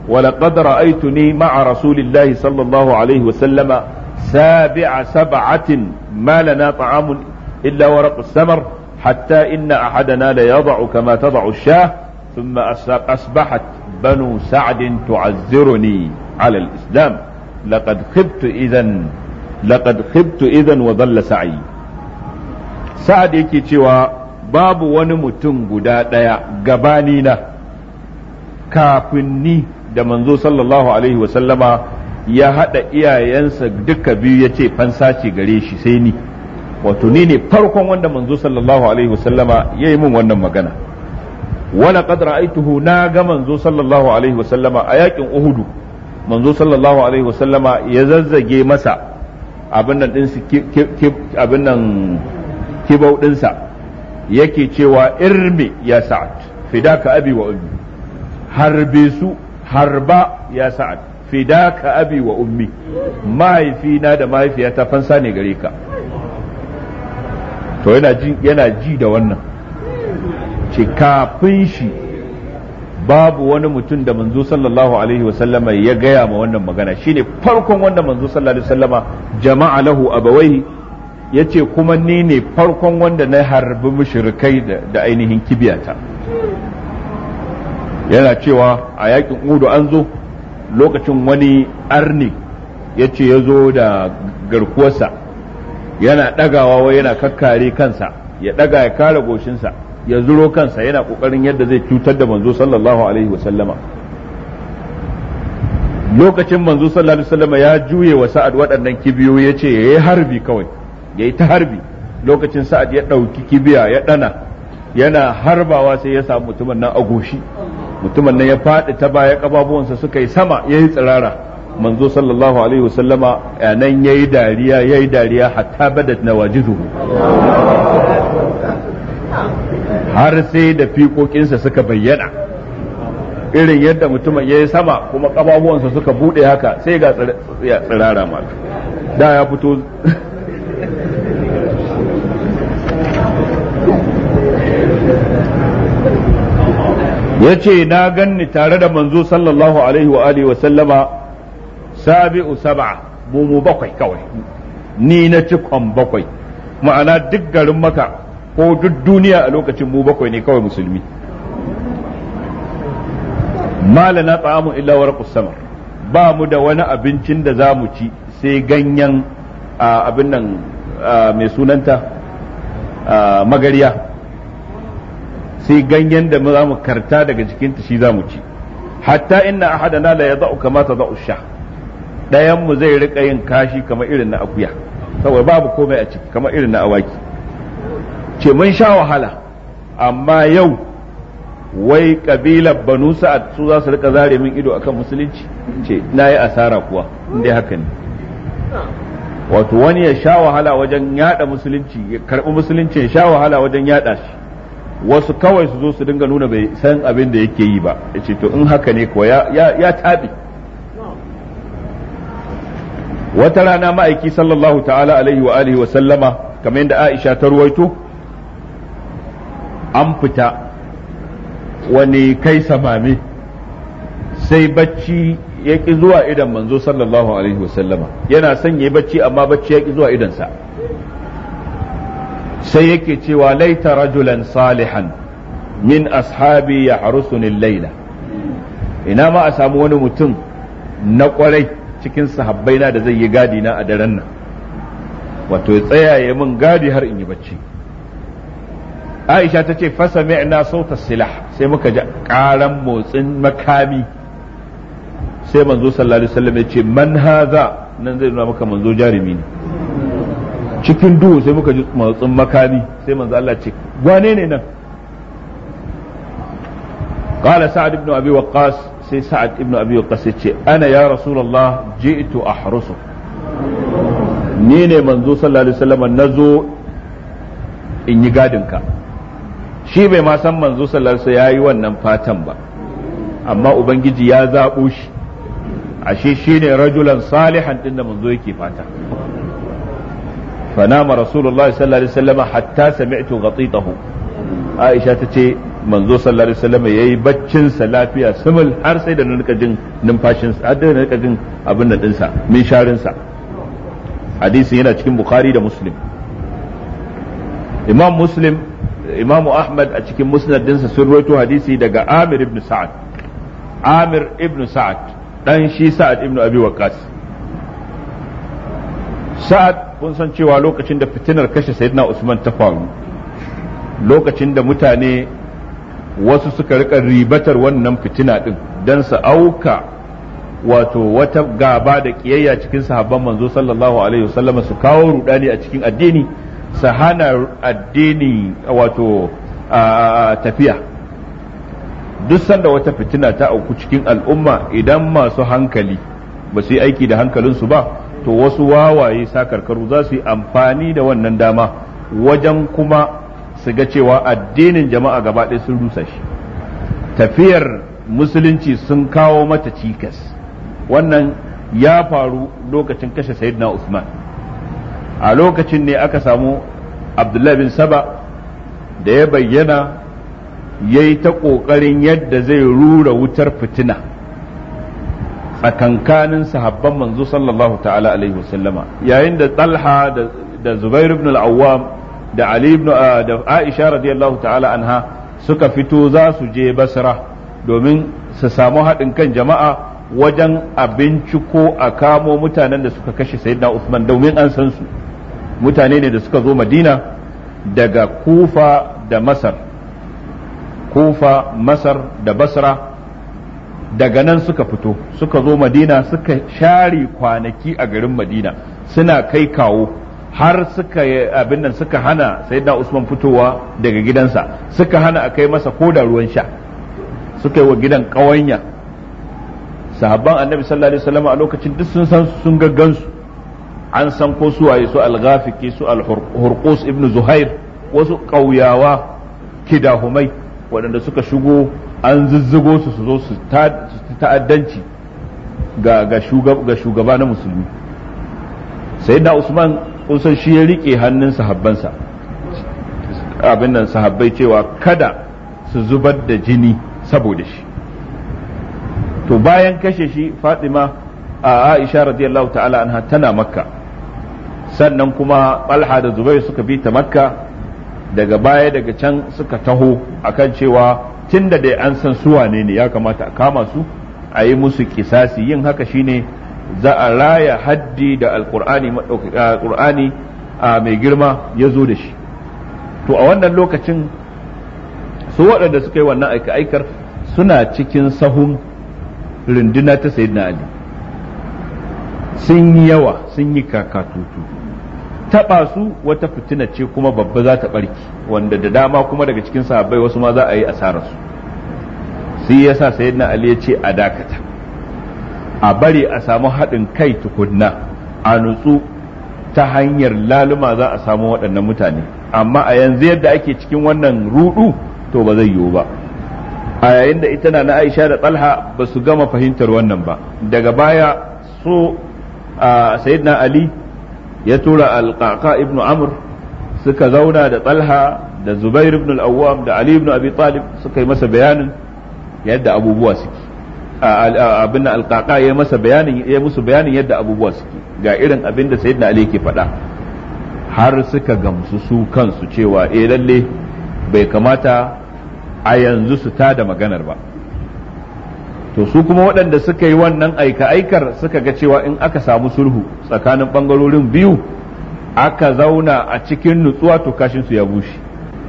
ولقد رأيتني مع رسول الله صلى الله عليه وسلم سابع سبعة ما لنا طعام إلا ورق السمر حتى إن أحدنا ليضع كما تضع الشاه ثم أصبحت بنو سعد تعذرني على الإسلام لقد خبت إذا لقد خبت إذا وضل سعي سعد يكي تيوا باب ونمتن قداء قبانينا كافني da manzo sallallahu alaihi wasallama ya haɗa iyayensa duka biyu ya ce fansa ce gare shi sai ni wato ni ne farkon wanda manzo sallallahu alaihi wasallama yi min wannan magana wala qad ra'aituhu na ga manzo sallallahu alaihi wasallama a yakin uhudu manzo sallallahu alaihi wasallama ya zazzage masa abin nan din abin nan kibau dinsa yake cewa irmi ya sa'ad fidaka abi wa ummi harbe su harba ya sa'ad fidaka abi wa ummi mahaifina da mahaifiyata fansa ne gare ka to yana ji da wannan ce kafin shi babu wani mutum da manzo sallallahu alaihi wasallama ya gaya ma wannan magana shine farkon wanda manzo sallallahu alaihi wasallama jama'a lahu ya yace kuma ni ne farkon wanda na harbi mushrikai da ainihin kibiyata yana cewa a yakin udu an zo lokacin wani arni yace ya zo da garkuwarsa yana ɗagawa wai yana kakkare kansa ya ɗaga ya kare goshinsa ya zuro kansa yana ƙoƙarin yadda zai cutar da manzo sallallahu alaihi wasallama lokacin manzo sallallahu alaihi wasallama ya juye wa sa'ad waɗannan kibiyo ya ce ya yi harbi kawai ya yi ta harbi lokacin sa'ad ya ɗauki kibiya ya ɗana yana harbawa sai ya samu mutumin nan a goshi mutumin nan ya faɗi ta baya ƙababuwansa suka yi sama ya yi tsirara manzo sallallahu alaihi wasallama nan yayi dariya yayi dariya hatta badat nawajidu har sai da fiƙoƙinsa suka bayyana irin yadda mutum ya yi sama kuma ƙababuwansa suka buɗe haka sai ga tsirara ma da ya fito ya ce na ganni tare da manzo sallallahu alaihi wa alihi wa sallama sabi'u sab'a mu mu bakwai kawai ni na cikon bakwai ma'ana duk garin maka ko duk duniya a lokacin mu bakwai ne kawai musulmi na tsamu illa warqus sama ba mu da wani abincin da za mu ci sai ganyen abin nan mai sunanta magariya sai ganyen da za mu karta daga jikinta shi za mu ci hatta inna ahadana la yadau kama tadau shah ɗayan mu zai riƙa yin kashi kamar irin na akuya saboda babu komai a ciki kamar irin na awaki ce mun sha wahala amma yau wai kabilar banu sa'ad su za su riƙa zare min ido akan musulunci ce na yi asara kuwa inda haka ne wato wani ya sha wahala wajen yada musulunci ya karbi musulunci ya sha wahala wajen yada shi wasu kawai su zo su dinga nuna bai san abin da yake yi ba ya ce to in haka ne kuwa ya taɓi wata rana ma'aiki sallallahu ta'ala alaihi wa alihi wa sallama kamar yadda Aisha ta ruwaito an fita wani kai samame sai bacci ya ƙi zuwa idan manzo sallallahu alaihi wa sallama yana son ya bacci amma bacci ya ƙi zuwa idansa sai yake cewa laita rajulan salihan min ashabi ya harusuni laila ina ma a samu wani mutum na kwarai cikin sahabbai na da zai yi gadi na a daren nan wato ya tsaya ya min gadi har in yi bacci Aisha ta ce fasa na sauta silah sai muka ji karan motsin makami sai manzo sallallahu alaihi wasallam ya ce man haza nan zai nuna maka manzo jarumi ne cikin duhu sai muka ji motsin makami sai manzo Allah ce wane ne nan قال سعد بن ابي وقاص sai sa'ad ibn abi waqas ya ce ana ya rasulullah ji'tu ahrusu ni ne manzo sallallahu alaihi wasallam nazo in yi gadin ka shi bai ma san manzo sallallahu alaihi wasallam yayi wannan fatan ba amma ubangiji ya zabo shi ashe shine rajulan salihan din da manzo yake fata فنام رسول الله صلى الله عليه وسلم حتى سمعت غطيطه عائشة تتي manzo sallallahu alaihi wasallam yayi baccin sa lafiya sumul har sai da nuka jin numfashin sa da nuka jin abin da dinsa sa min sharin sa hadisin yana cikin bukhari da muslim imam muslim imam ahmad a cikin musnad dinsa sun rawaito hadisi daga amir ibn sa'ad amir ibn sa'ad dan shi sa'ad ibn abi waqas sa'ad kun san cewa lokacin da fitinar kashe sayyidina usman ta faru lokacin da mutane wasu suka rika ribatar wannan fitina din dan su auka wato wata gaba da kiyayya cikin sahabban manzo sallallahu alaihi wasallam su kawo rudani a cikin addini su hana addini wato tafiya duk sanda wata fitina ta auku cikin al'umma idan masu hankali ba su yi aiki da hankalinsu ba to wasu wawaye sakarkaru za su yi amfani da wannan dama wajen kuma su ga cewa addinin jama'a gaba ɗaya sun rusa shi tafiyar musulunci sun kawo mata cikas wannan ya faru lokacin kashe sayyidina usman a lokacin ne aka samu abdullahi bin saba da ya bayyana ya yi ta ƙoƙarin yadda zai rura wutar fitina tsakankanin sahabban manzo sallallahu ta'ala alaihi wasallama yayin da talha da zubairu ibn al-awwam da Ali ibn ah, da Aisha radiyallahu ta'ala anha suka fito za su je Basra domin su samu haɗin kan jama'a wajen abinci ko a kamo mutanen da suka kashe Sayyidina Usman domin an san su mutane ne da suka zo Madina daga Kufa da Masar Kufa Masar da Basra daga nan suka fito suka zo Madina suka share kwanaki a garin Madina suna kai kawo har suka abin nan suka hana sayyidina Usman fitowa daga gidansa suka hana a kai masa koda ruwan sha suka yi wa gidan ƙawanya sahabban annabi sallallahu alaihi wasallam a lokacin duk sun san sun gaggansu an san ko su waye su al-ghafiki su al-hurqus ibnu zuhair wasu ƙauyawa kidahumai waɗanda suka shigo an zuzzugo su su zo su ta'addanci ga shugaba na musulmi sayyidina usman kun san shi ya rike hannun sahabbansa abin nan sahabbai cewa kada su zubar da jini saboda shi to bayan kashe shi fatima a aisha radiyallahu ta'ala anha tana makka sannan kuma balha da zubai suka bi ta makka daga baya daga can suka taho akan cewa tun da dai an san su wanene ne ya kamata a kama su a yi musu kisasi yin haka shine za a raya haddi da alkur'ani mai girma ya zo da shi to a wannan lokacin su waɗanda suka yi wannan aika-aikar suna cikin sahun runduna ta sayyidina ali sun yi yawa sun yi kakatutu taɓa su wata fitina ce kuma babba za ta ɓarki wanda da dama kuma daga cikin sahabbai wasu ma za a yi asararsu sai yasa sayyidina ali ya ce a dakata a bari a samu haɗin kai tukunna a nutsu ta hanyar laluma za a samu waɗannan mutane amma a yanzu yadda ake cikin wannan ruɗu to ba zai yiwu ba a yayin da ita na aisha da talha ba su gama fahimtar wannan ba daga baya su a sayyidina ali ya tura alƙaƙa ibn amr suka zauna da talha da zubair ibn al da ali ibn abi talib suka yi masa bayanin yadda abubuwa suke abin alƙaƙa ya masa bayanin ya musu bayanin yadda abubuwa suke ga irin abin da sayyidina ali ke faɗa har suka gamsu su kansu cewa eh lalle bai kamata a yanzu su da maganar ba to su kuma waɗanda suka yi wannan aika-aikar suka ga cewa in aka samu sulhu tsakanin ɓangarorin biyu aka zauna a cikin nutsuwa to kashinsu ya bushe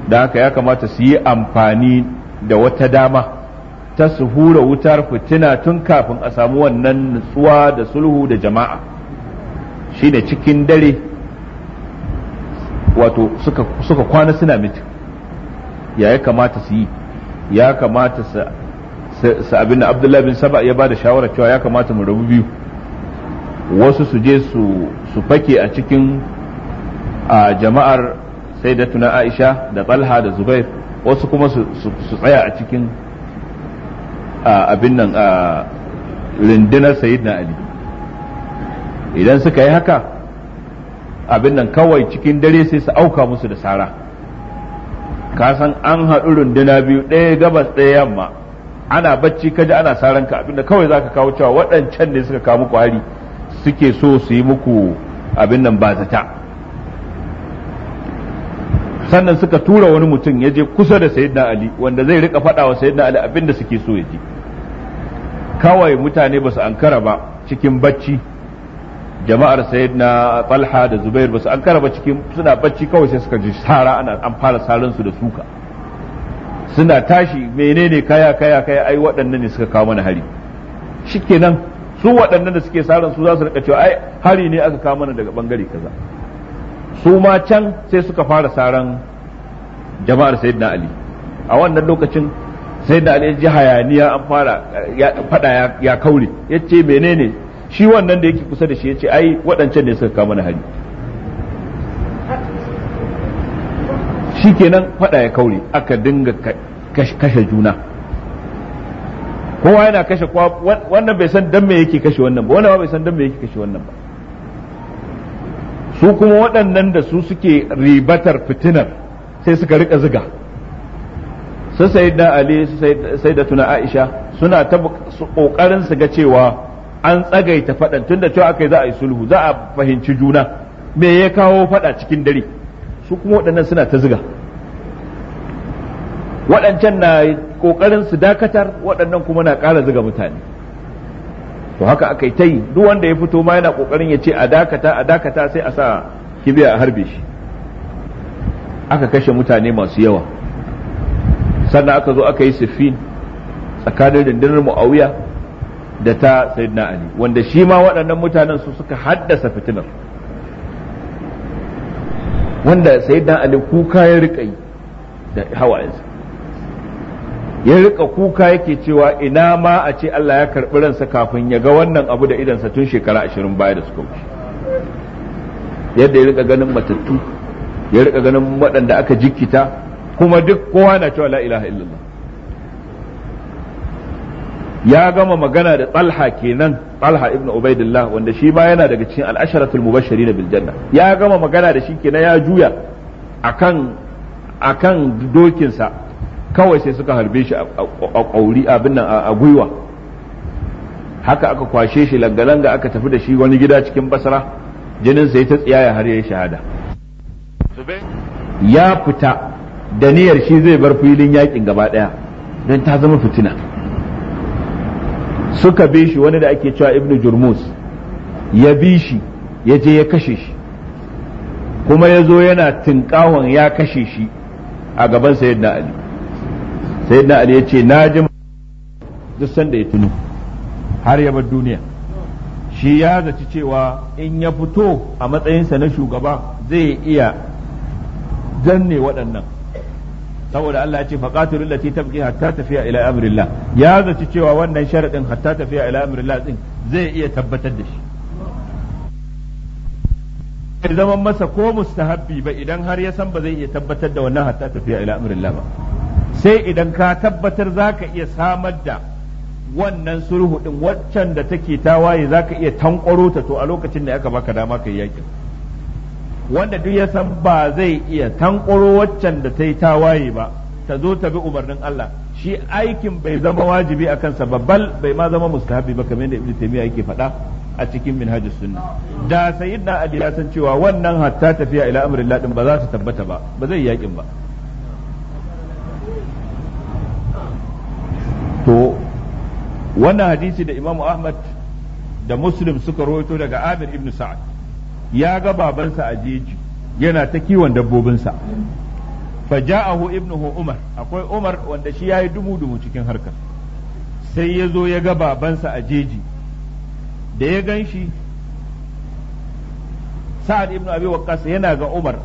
da haka ya kamata su yi amfani da wata dama ta su hura wutar fitina tun kafin a samu wannan nutsuwa da sulhu da jama'a shi ne cikin dare wato suka kwana suna mitin ya ya kamata su yi ya kamata su abin da abdullahi bin saba ya ba da shawara cewa ya kamata mu rabu biyu wasu su je su fake a cikin a jama'ar sai da tuna aisha da talha da zubair wasu kuma su tsaya a cikin abin nan a rundunar na ali idan suka yi haka abin nan kawai cikin dare sai su auka musu da sara ka san an haɗu runduna biyu ɗaya gabas ɗaya yamma ana bacci kaji ana saran ka abin da kawai za ka kawo cewa waɗancan ne suka kawo muku hari suke so su yi muku abin nan ba zata sannan suka tura wani mutum ya je kusa da sayyidina ali wanda zai rika faɗa wa sayyidina ali abin da suke so ya ji kawai mutane ba su ankara ba cikin bacci jama'ar sayyidina talha da zubair ba su ankara ba cikin suna bacci kawai sai suka ji sara ana an fara saran su da suka suna tashi menene kaya kaya kaya ai waɗannan ne suka kawo mana hari shikenan su waɗannan da suke saran su za su rika cewa ai hari ne aka kawo mana daga bangare kaza su ma can sai suka fara saran jama'ar sayyidina ali a wannan lokacin sayyidina ali ya ji hayaniya an fara fada ya kaure ya ce menene shi wannan da yake kusa da shi ya ce ai waɗancan ne suka kama na hari shi kenan fada ya kaure aka dinga kashe juna kowa yana kashe wannan bai san dan me yake kashe wannan ba wannan bai san dan me yake kashe wannan ba su kuma waɗannan da su suke ribatar fitinar sai suka rika ziga su sayyidina ali sai da tuna aisha suna ta ƙoƙarin su ga cewa an tsagaita faɗan tun da cewa yi za a yi sulhu za a fahimci juna me ya kawo faɗa cikin dare su kuma waɗannan suna ta ziga waɗancan na ƙoƙarin su dakatar waɗannan kuma na ƙara ziga mutane to haka aka yi ta yi duk wanda ya fito ma yana kokarin ya ce a dakata a dakata sai a sa kibiya a harbe shi aka kashe mutane masu yawa sannan aka zo aka yi siffin tsakanin rundunar muawiya da ta sayyidina ali wanda shi ma waɗannan mutanen su suka haddasa fitinar wanda sayyidina ali kuka ya riƙa yi da hawayensa ya rika kuka yake cewa ina ma a ce Allah ya karɓi ransa kafin ya ga wannan abu da idansa tun shekara ashirin baya da suka wuce yadda ya rika ganin matattu ya rika ganin waɗanda aka jikita kuma duk kowa na cewa la ilaha illallah ya gama magana da tsalha kenan tsalha ibn ubaidillah wanda shi ba yana daga cikin al'asharatul mubashirin bil janna ya gama magana da shi kenan ya juya a kan dokinsa kawai sai suka harbe shi a ƙauri abin nan a gwiwa haka aka kwashe shi langa-langa aka tafi da shi wani gida cikin basara jinin sai ta tsiyaya har yayi shahada ya fita da niyyar shi zai bar filin yakin gaba daya don ta zama fitina suka bi shi wani da ake cewa ibnu jurmus ya bi shi ya je ya kashe shi kuma ya zo yana tinkawan ya kashe shi a gaban sayyidina ali sai na ali ya ce na ji duk sanda ya tuno har ya bar duniya shi ya zaci cewa in ya fito a matsayinsa na shugaba zai iya janne waɗannan saboda Allah ya ce faqatilul lati tabqi hatta tafiya ila amrillah ya zaci cewa wannan sharadin hatta tafiya ila amrillah din zai iya tabbatar da shi bai zama masa ko mustahabbi ba idan har ya san ba zai iya tabbatar da wannan hatta tafiya ila amrillah ba sai idan ka tabbatar za ka iya samar da wannan sulhu din waccan da take tawaye za ka iya tankwaro ta to a lokacin da aka baka dama ka yi yakin wanda duk ya san ba zai iya tankwaro waccan da ta yi tawaye ba ta zo ta bi umarnin Allah shi aikin bai zama wajibi a kansa babbal bai ma zama mustahabi ba kamar yadda Ibn taymiya yake faɗa a cikin Minhajus Sunna da sayyidina Ali ya san cewa wannan hatta tafiya ila amrillah din ba za ta tabbata ba ba zai yakin ba to wannan hadisi da imamu ahmad da muslim suka rawaito daga amir ibn sa'ad ya ga babansa a jeji yana ta kiwon dabbobinsa faja'ahu ibnuhu umar akwai umar wanda shi yayi dumu dumu cikin harkar sai ya zo ya ga babansa a jeji da ya gan shi sa'ad ibn abi waqqas yana ga umar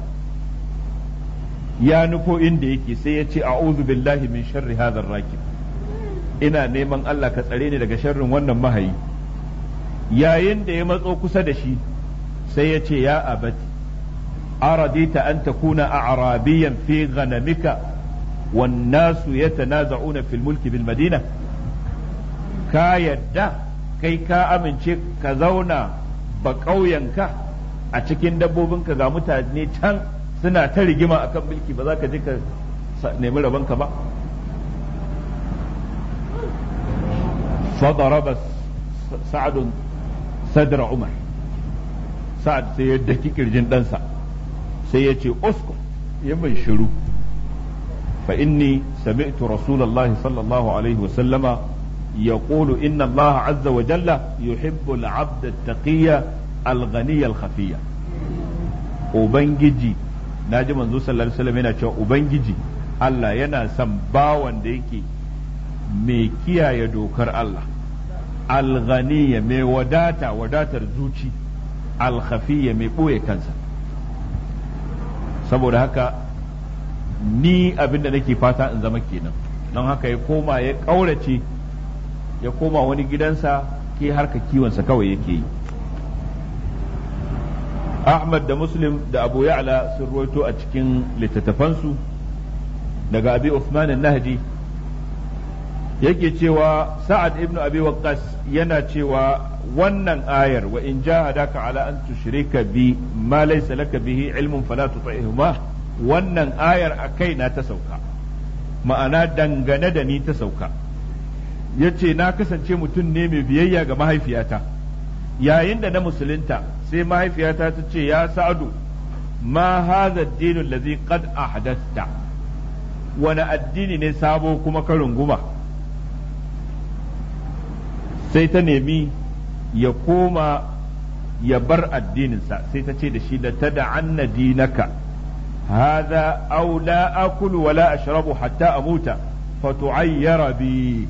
ya nufo inda yake sai ya ce a'udhu billahi min sharri hadha rakib ina neman Allah ka tsare ni daga sharrin wannan mahayi yayin da ya matso kusa da shi sai ya ce ya abati aradita an takuna a'rabiyan fi ghanamika ya nasu yatanaza'una fil mulki bil madina ka yadda kai ka amince ka zauna ba ƙauyenka a cikin dabbobinka ga mutane can suna ta rigima akan mulki ba za ka je ka nemi rabonka ba فضرب سعد صدر عمر سعد سيدكي كرجن دنسا سيأتي أسكت يمن شروع فإني سمعت رسول الله صلى الله عليه وسلم يقول إن الله عز وجل يحب العبد التقي الغني الخفي وبنجي ناجي منذ صلى الله عليه وسلم أبنجي Allah yana son bawan da yake mai kiyaye dokar Allah alghaniya mai wadata wadatar zuci alkhafiya mai ɓoye kansa saboda haka ni abinda nake fata in zama kenan don haka ya koma ya ƙaurace ya koma wani gidansa ke harka kiwonsa kawai yake yi ahmad da muslim da abu ya'la sun ruwaito a cikin littattafansu daga abi usman nahdi yake cewa sa'ad ibnu abi waqqas yana cewa wannan ayar wa in jahadaka ala an tushrika bi ma laysa laka bihi ilmun fala tuti'huma wannan ayar a kaina ta sauka ma'ana dangane da ni ta sauka yace na kasance mutum ne mai biyayya ga mahaifiyata yayin da na musulunta sai mahaifiyata ta ce ya sa'adu ma hadha ad-din alladhi qad ahdathta wani addini ne sabo kuma ka runguma sai ta nemi ya koma ya bar addininsa sai ta ce da shi da ta tad'anna dinaka hada aw la akulu wala ashrabu hatta amuta ya bi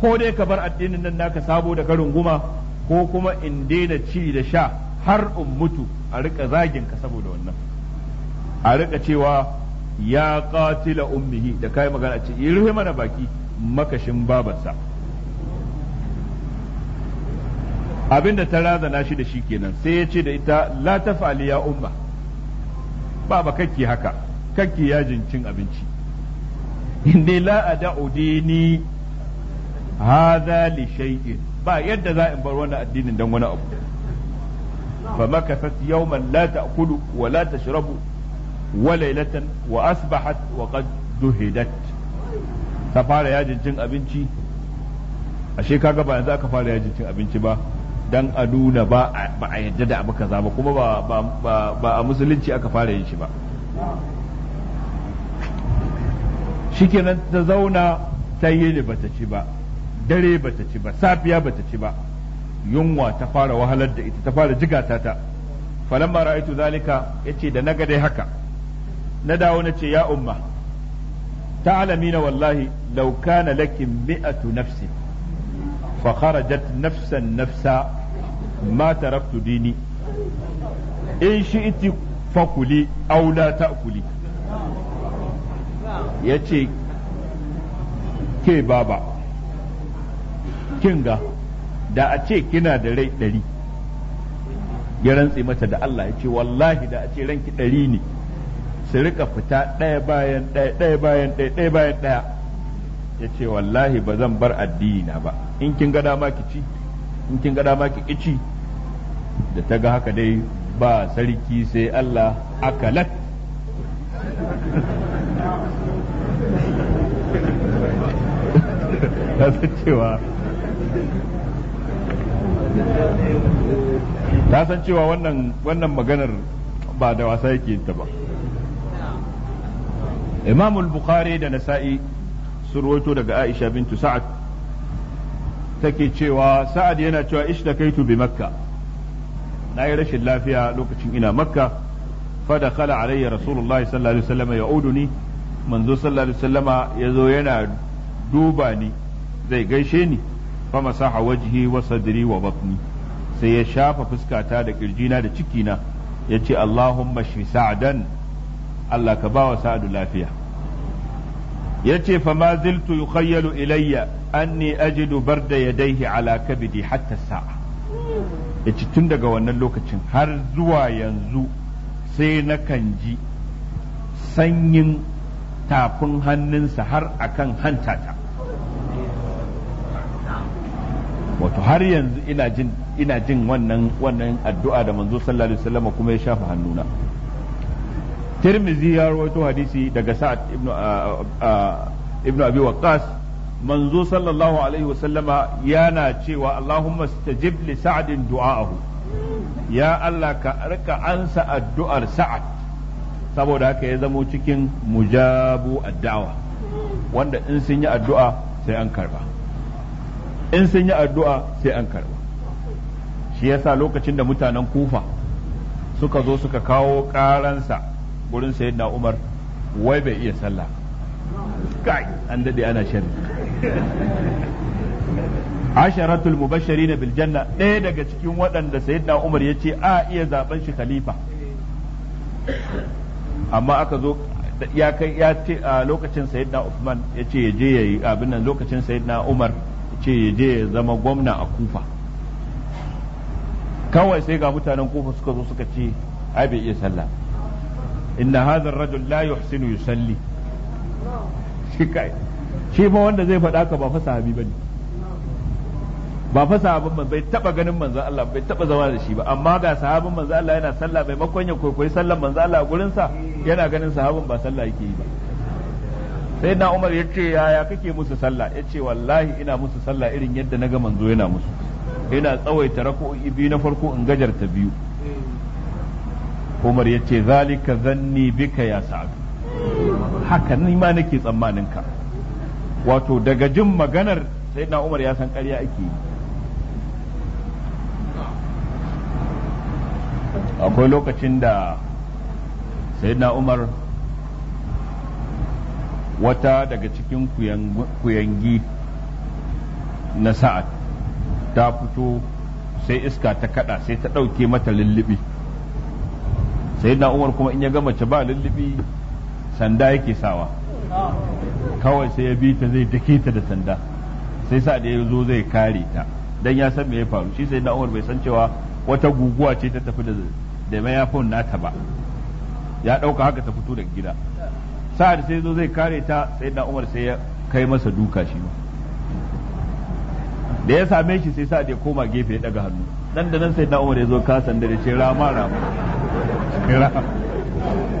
ko dai ka bar addinin nan naka sabo da karin guma ko kuma in daina ci da sha har in mutu a rika zagin ka saboda wannan a rika cewa ya qatila ummihi da kai magana ce yi rufe mana baki makashin babarsa abinda ta razana shi da shi kenan sai ya ce da ita la taf'ali ya umma ba ba kakki haka kakki yajin cin abinci inda la ada'u dini hadha li shay'in ba yadda za in bar wannan addinin dan wani abu fa makasat yawman la ta'kulu wa la tashrabu wa laylatan wa asbahat wa qad duhidat ta fara yajin cin abinci ashe kaga ba yanzu aka fara yajin cin abinci ba dan a nuna ba a yadda da abu kaza ba kuma ba a musulunci aka fara yin shi ba shikenan ta zauna ta yi bata ci ba dare bata ci ba safiya bata ci ba yunwa ta fara wahalar da ita ta fara jigata ta falamma ra'aitu zalika yace da na dai haka na dawo na ce ya umma na wallahi law kana mi'atu nafsi fa kharajat nafsan nafsa ma taraktu dini in shi'ti fakuli ta la ya ce ke baba kinga da a ce kina da rai ɗari ya rantse mata da Allah ya ce wallahi da a ce ranki ɗari ne su rika fita ɗaya bayan ɗaya ɗaya bayan ɗaya ɗaya bayan ɗaya ya ce wallahi ba zan bar addini na ba in kin ga dama ki ci in kin ga dama ki ci da ta ga haka dai ba sarki sai Allah akalat ta san cewa ta san cewa wannan maganar ba da wasa yake ta ba Imam al bukhari da nasa'i sun rawaito daga aisha bintu sa'ad take cewa sa'ad yana cewa ishtakaitu bi makka na yi rashin lafiya lokacin ina makka fada da kala alayya rasulullahi sallallahu alaihi wasallam ya uduni manzo sallallahu alaihi wasallama yazo yana duba ni zai gaishe ni fa masaha wajhi wa sadri wa batni sai ya shafa fuskata da kirjina da cikina yace allahumma shi sa'dan Allah ka bawa sa'adu lafiya yace fa ma ziltu yukhayyalu ilayya anni ajidu barda yadayhi ala kabidi hatta sa'a yace tun daga wannan lokacin har zuwa yanzu sai na kan ji sanyin tafin hannunsa har akan ta. wato har yanzu ina jin wannan wannan addu'a da manzo sallallahu alaihi wasallam kuma ya shafa hannuna tirmizi ya rawaito hadisi daga Sa'ad ibn ah, ah, Abi Waqqas manzo sallallahu alaihi wasallama yana cewa Allahumma stajib li sa'din du'a'ahu ya Allah ka rika ansa addu'ar sa'ad saboda haka ya zamo cikin mujabu addu'a wanda in sun yi addu'a sai an karba in sun yi addu'a sai an karba shi yasa lokacin da mutanen kufa suka zo suka kawo karansa gurin sayyidina Umar wai bai iya sallah kai an daɗe ana sharri asharatul mubashirin bil janna ɗaya daga cikin waɗanda sayyidina Umar yace a iya zaben shi khalifa amma aka zo ya kai ya ce a lokacin sayyidina Uthman yace ya je yayi abin nan lokacin sayyidina Umar yace ya je ya zama gwamna a Kufa kawai sai ga mutanen Kufa suka zo suka ce ai bai iya sallah inna hadha ar-rajul la yuhsinu yusalli shi kai shi ma wanda zai faɗa ka ba fa sahabi ba ne ba fa sahabin man bai taba ganin manzon Allah bai taba zama da shi ba amma ga sahabin manzon Allah yana sallah bai makon ya koyi sallan manzon Allah a gurin sa yana ganin sahabin ba sallah yake yi ba sai na Umar ya ce yaya kake musu sallah ya ce wallahi ina musu sallah irin yadda naga manzo yana musu ina tsawaita rako'i biyu na farko in gajarta biyu Umar ya ce zalika zanni bika ya sa'ad haka ni ma nake tsammanin ka wato daga jin maganar sai na umar ya san karya ake yi akwai lokacin da sai na umar wata daga cikin kuyangi na sa'ad ta fito sai iska ta kada sai ta ɗauke mata lullubi sai na umar kuma in ya gama mace ba lullubi sanda yake sawa kawai sai ya bi ta zai dake ta da sanda sai sa da ya zo zai kare ta dan ya san me ya faru shi sai na Umar bai san cewa wata guguwa ce ta tafi da da mayafin nata ba ya dauka haka ta fito daga gida sa'ad sai zo zai kare ta sai na Umar sai ya kai masa duka shi ma da ya same shi sai sa'ad ya koma gefe ya daga hannu dan da nan sai na Umar ya zo ka sanda da ce rama rama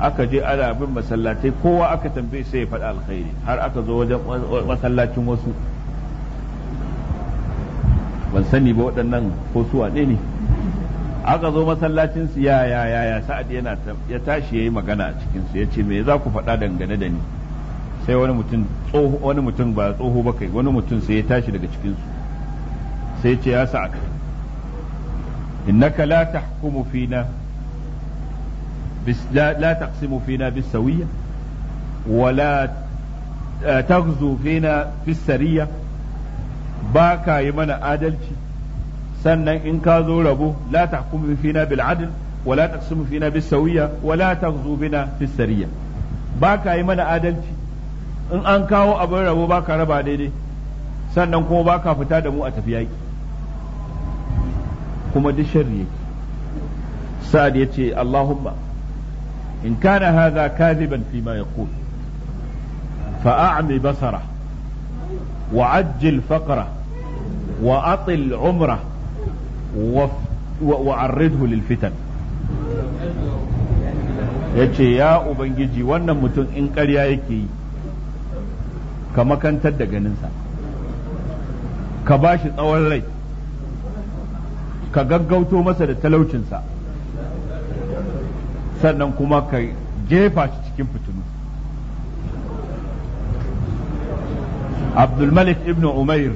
aka je ana bin masallatai kowa aka tambaye sai ya faɗa alkhairi har aka zo wajen masallacin wasu ban sani ba waɗannan ko su waɗe ne aka zo masallacin su ya ya ya ya sa'ad yana ya tashi yayi magana a cikin su yace me za ku faɗa dangane da ni sai wani mutum tsoho wani mutum ba tsoho ba kai wani mutum sai ya tashi daga cikin su sai ya ce ya sa'ad innaka la tahkumu fina لا تقسموا فينا بالسوية ولا تغزو فينا بالسرية باكا يمنى آدلتي sannan in ka zo rabo la tahkum fina bil adl wala taqsimu fina bis sawiya wala taghzu bina fis sariya ba ka yi mana adalci in an kawo abin rabo ba ka raba daidai sannan kuma ba ka fita da mu a tafi kuma yace allahumma in kana hadha kadiban fi ma yaqul fa'ami basara وعجل فقره وأطل عمره وعرضه للفتن yace ya ubangiji wannan mutum in ƙarya yake yi ka makantar da ganinsa ka ba shi tsawon rai ka gaggauto masa da talaucinsa sannan kuma ka jefa shi cikin fitinu abdulmalik ibn umair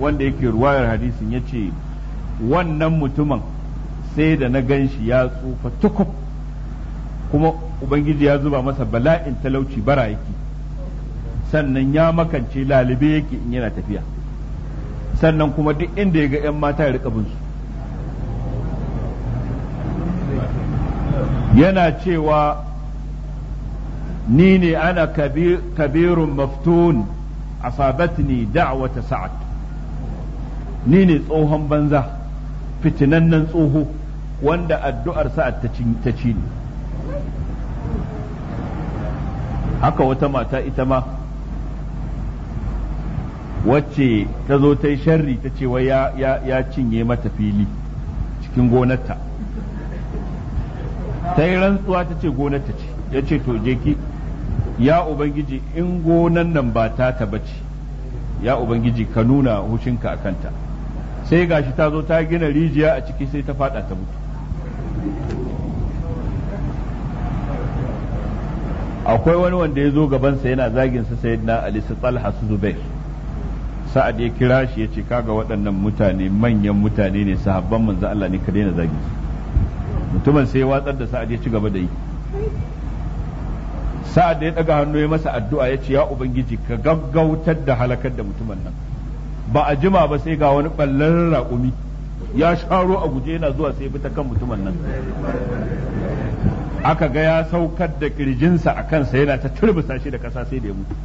wanda yake ruwayar hadisin ya ce wannan mutumin sai da na gan shi ya tsufa tukub kuma ubangiji ya zuba masa bala'in talauci bara yake sannan ya makance lalibe yake in yana tafiya sannan kuma duk inda ya ga 'yan mata ya rika yana cewa ni ne ana kabirun maftun asabatni da'wata sa'ad ni ne tsohon banza fitinannen tsoho wanda addu'ar sa'ad ta ci ne haka wata mata ita ma wacce ta zo ta yi sharri ta ce wai ya cinye mata fili cikin gonarta ta yi rantsuwa ta ce gonar ta ce ya ce to je ki ya ubangiji in gonan nan ba ta ta ce ya ubangiji ka nuna hushinka a kanta sai gashi ta zo ta gina rijiya a ciki sai ta fada ta mutu akwai wani wanda ya zo gabansa yana zagin sa na ali talha su zubair sa'ad ya kira shi ya ce kaga waɗannan mutane manyan mutane ne sahabban manzo Allah ne ka daina zagin su mutumin sai ya watsar da sa'ad ya ci gaba da yi sa'ad da ya daga hannu ya masa addu'a ya ce ya ubangiji ka gaggautar da halakar da mutumin nan ba a jima ba sai ga wani ballan raƙumi ya sharo a guje yana zuwa sai fita kan mutumin nan aka ga ya saukar da kirjinsa a kansa yana ta turbisa shi da kasa sai da ya mutu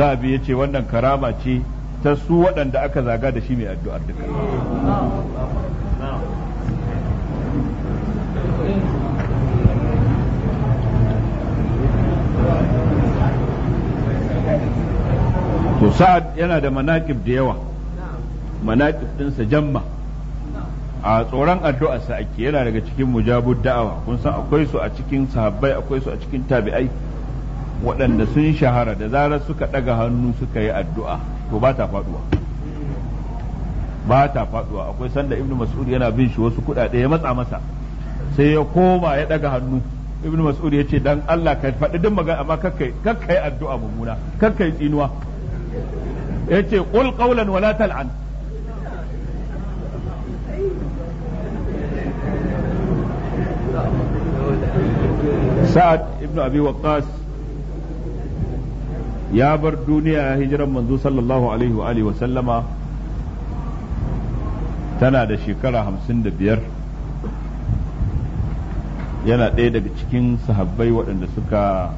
a ya ce wannan karama ce ta su waɗanda aka zaga da shi mai addu'ar duka sa'ad yana da manaƙib da yawa manaƙib ɗinsa jamma a tsoron addu'arsa ake yana daga cikin mujabud da'awa kun san akwai su a cikin sahabbai akwai su a cikin tabi'ai waɗanda sun shahara da zarar suka ɗaga hannu suka yi addu'a to ba ta faɗuwa ba ta faɗuwa akwai sanda ibnu mas'ud yana bin shi wasu kuɗaɗe ya matsa masa sai ya koma ya ɗaga hannu ibnu mas'ud ya ce dan Allah ka faɗi duk magana amma kakkai kakkai addu'a mummuna kakkai tsinuwa yace qul qawlan wala tal'an sa'ad ibnu abi waqqas ya bar duniya hijiran manzo sallallahu alaihi wa alihi wa sallama tana da shekara hamsin da biyar yana ɗaya daga cikin sahabbai waɗanda suka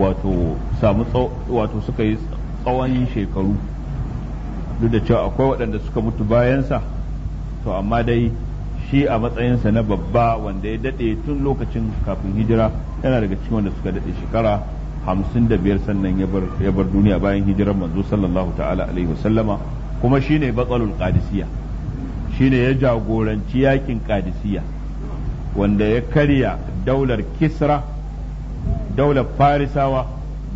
wato samu wato suka yi tsawon shekaru duk da cewa akwai waɗanda suka mutu bayansa to amma dai shi a matsayinsa na babba wanda ya daɗe tun lokacin kafin hijira yana daga cikin wanda suka daɗe shekara hamsin da biyar sannan ya bar duniya bayan hijirar manzo sallallahu ta'ala alaihi wasallama kuma shine batsalul qadisiyya shine ya jagoranci yakin qadisiyya wanda ya karya daular kisra daular farisawa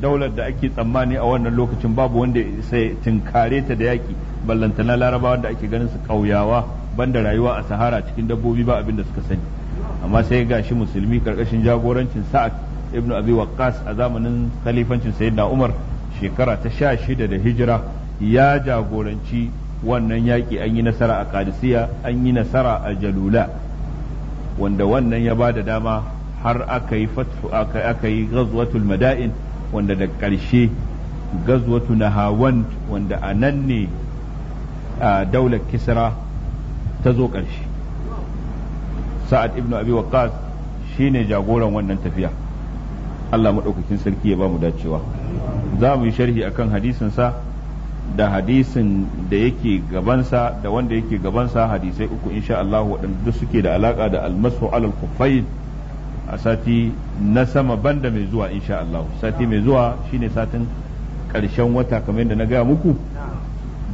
daular da ake tsammani a wannan lokacin babu wanda sai tinkare ta da yaki ballantana larabawa da ake ganin su kauyawa banda rayuwa a sahara cikin dabbobi ba abin da suka sani amma sai ga shi musulmi karkashin jagorancin sa'ad ibn abi waqqas a zamanin khalifancin sayyidina umar shekara ta sha shida da hijira ya jagoranci wannan yaki an yi nasara a kadisiya an yi nasara a jalula wanda wannan ya ba da dama har aka yi fatfu aka yi ghazwatul mada'in wanda da ƙarshe ghazwatu nahawand wanda a nan ne daular kisra ta zo ƙarshe sa'ad ibn abi waqqas shine jagoran wannan tafiya Allah maɗaukakin sarki ya ba mu dacewa za mu yi sharhi akan hadisin sa da hadisin da yake gabansa da wanda yake gabansa hadisai uku insha Allah waɗanda suke da alaka da almasu alal kuffayn a sati na sama banda mai zuwa insha Allah sati mai zuwa shine satin karshen wata kamar yadda na gaya muku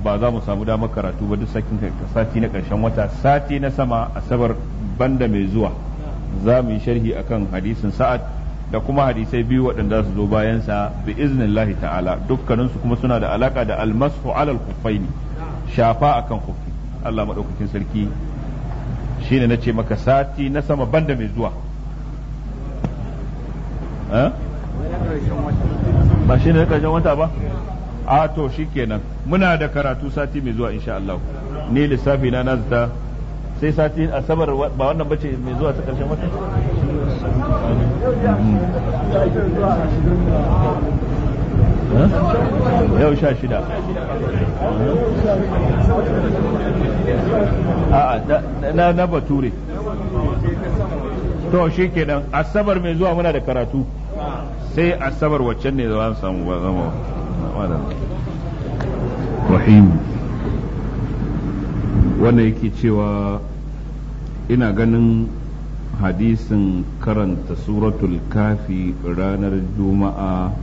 ba za mu samu damar karatu ba duk sati na karshen wata sati na sama asabar banda mai zuwa za mu yi sharhi akan hadisin sa'ad da kuma hadisai biyu waɗanda su zo bayansa bi iznillahi ta'ala dukkaninsu kuma suna da alaka da almasu alal kuffaini shafa akan kuffi Allah maɗaukakin sarki shine na ce maka sati na sama banda mai zuwa Eh? ba shi ne karshen wata ba a to shi kenan muna da karatu sati mai zuwa insha Allah ni lissafi na zata sai sati asabar ba wannan bace mai zuwa ta karshen wata hmm. eh? yau sha shida hmm. na bature to shi kenan asabar mai zuwa muna da karatu sai asabar waccan ne za samu ba zama rahim wannan yake cewa ina ganin hadisin karanta suratul kafi ranar juma'a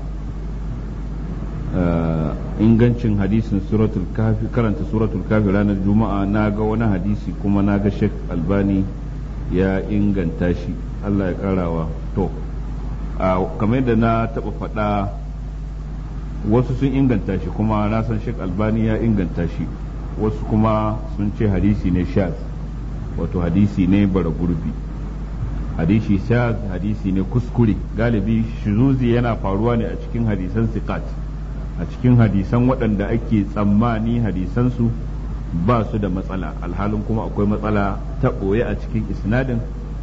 eh, ingancin hadisin suratul kafi karanta suratul kafi ranar juma'a na ga wani hadisi kuma na ga shek albani ya inganta shi allah ya karawa to kamar da na taɓa faɗa wasu sun inganta shi kuma na san shek albani ya inganta shi wasu kuma sun ce hadisi ne shaz wato hadisi ne bara gurbi hadisi shaz hadisi ne kuskure galibi shuzuzi yana faruwa ne a cikin hadisan sikat a cikin hadisan waɗanda ake tsammani hadisansu ba su da matsala alhalin kuma akwai matsala ta ɓoye a cikin isnadin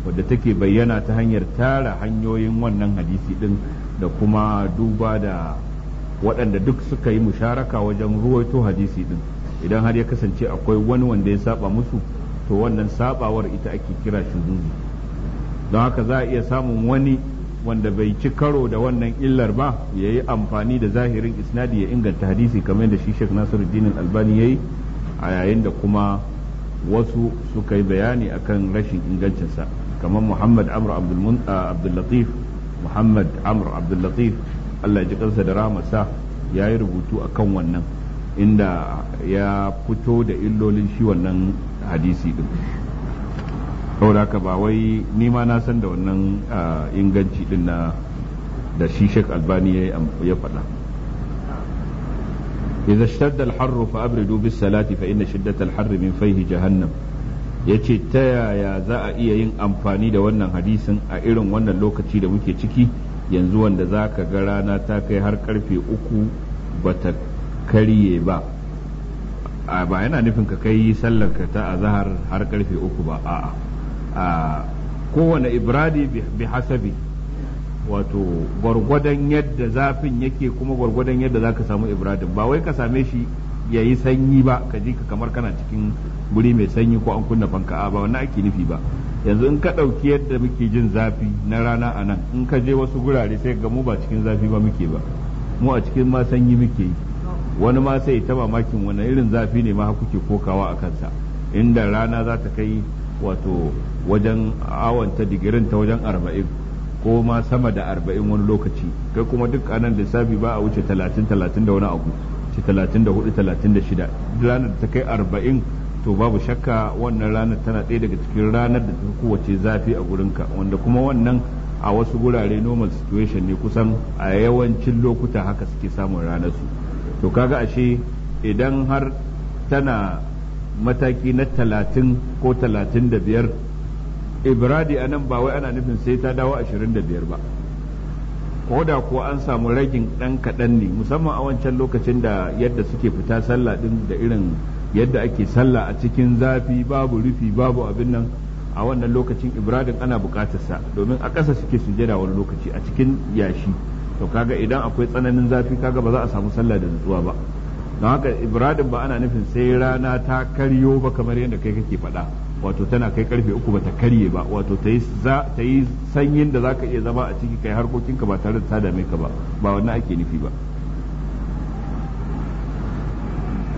wadda take bayyana ta hanyar tara hanyoyin wannan hadisi din da kuma duba da waɗanda duk suka yi musharaka wajen ruwaito hadisi din idan har ya kasance akwai wani wanda ya saba musu to wannan sabawar ita ake kira shuzuzu don haka za a iya samun wani wanda bai ci karo da wannan illar ba ya yi amfani da zahirin isnadi ya inganta hadisi kamar da shi nasiru dinin Albani yayi a yayin da kuma wasu suka yi bayani akan rashin ingancinsa kamar muhammad amr abdullatif ah, muhammad amr abdullatif allah ya ji kansa da ramasa ya yi rubutu akan wannan inda ya fito da illolin shi wannan hadisi din saboda haka ba wai nima na san da wannan ah, inganci din na da shi shek albani ya faɗa. idza ishtadda al-harru fa abridu bis salati fa inna shiddata al-harri min fayhi jahannam yace ta yaya za a iya yin amfani da wannan hadisin a irin wannan lokaci da muke ciki yanzu wanda za ka ga rana ta kai har karfe uku ba ta karye ba a ba yana nufin ka kai sallar ta azahar har karfe uku ba a'a a kowane ibradi bi hasabi wato gwargwadon yadda zafin yake kuma gwargwadon yadda za ka samu ibradin ba wai ka same shi ya yi sanyi ba ka ji ka kamar kana cikin guri mai sanyi ko an kunna fanka ba wannan ake nufi ba yanzu in ka ɗauki yadda muke jin zafi na rana a nan in ka je wasu gurare sai ga mu ba cikin zafi ba muke ba mu a cikin ma sanyi muke yi wani ma sai ta mamakin wani irin zafi ne ma kuke kokawa a kansa inda rana za ta kai wato wajen awanta digirin ta wajen arba'in ko ma sama da arba'in wani lokaci kai kuma duk anan lissafi ba a wuce talatin talatin da wani abu ce talatin da hudu talatin da shida ranar da ta kai arba'in to babu shakka wannan ranar tana ɗaya daga cikin ranar da ta kowace zafi a gurinka wanda kuma wannan a wasu gurare normal situation ne kusan a yawancin lokuta haka suke samun ranar su to kaga ashe idan har tana mataki na talatin ko talatin da biyar ibradi anan ba wai ana nufin sai ta dawo 25 ba ko da kuwa an samu ragin dan kaɗan ne musamman a wancan lokacin da yadda suke fita sallah din da irin yadda ake sallah a cikin zafi babu rufi babu abin nan a wannan lokacin ibradin ana sa domin a ƙasa suke sujada wani lokaci a cikin yashi to kaga idan akwai tsananin zafi kaga ba za a samu sallah da nutsuwa ba don haka ibradin ba ana nufin sai rana ta karyo ba kamar yadda kai kake faɗa wato tana kai karfe uku ba ta karye ba wato ta yi sanyin da za ka iya zama a ciki kai harkokinka ba tare da ta dame ka ba ba wannan ake nufi ba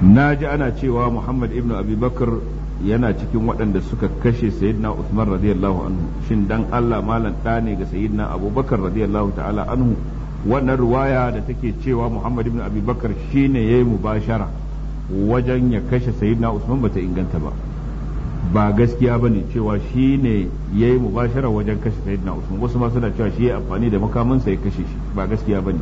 na ji ana cewa muhammad ibn abubakar yana cikin waɗanda suka kashe sayyidina usman radiyallahu anhu shin dan allah malam ɗa ne ga sayyidina abubakar radiyallahu ta'ala anhu wannan ruwaya da take cewa muhammad ibn abubakar shine yi mubashara wajen ya kashe sayyidina usman bata inganta ba ba gaskiya ba ne cewa shi ne ya yi mubashara wajen kashe sayyidina usman wasu ma suna cewa shi ya amfani da makaminsa ya kashe shi ba gaskiya ba ne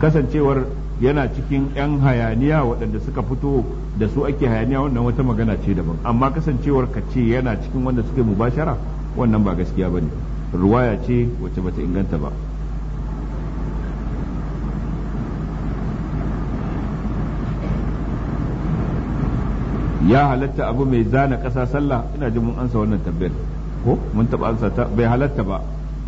kasancewar yana cikin 'yan hayaniya waɗanda suka fito da su ake hayaniya wannan wata magana ce daban amma kasancewar ka ce yana cikin wanda suka yi mubashara wannan ba gaskiya ba ne ruwaya ce wacce bata inganta ba ya halatta abu mai zana ƙasa sallah ina ji mun ansa wannan tambayar ko mun taɓa ansa ta bai halatta ba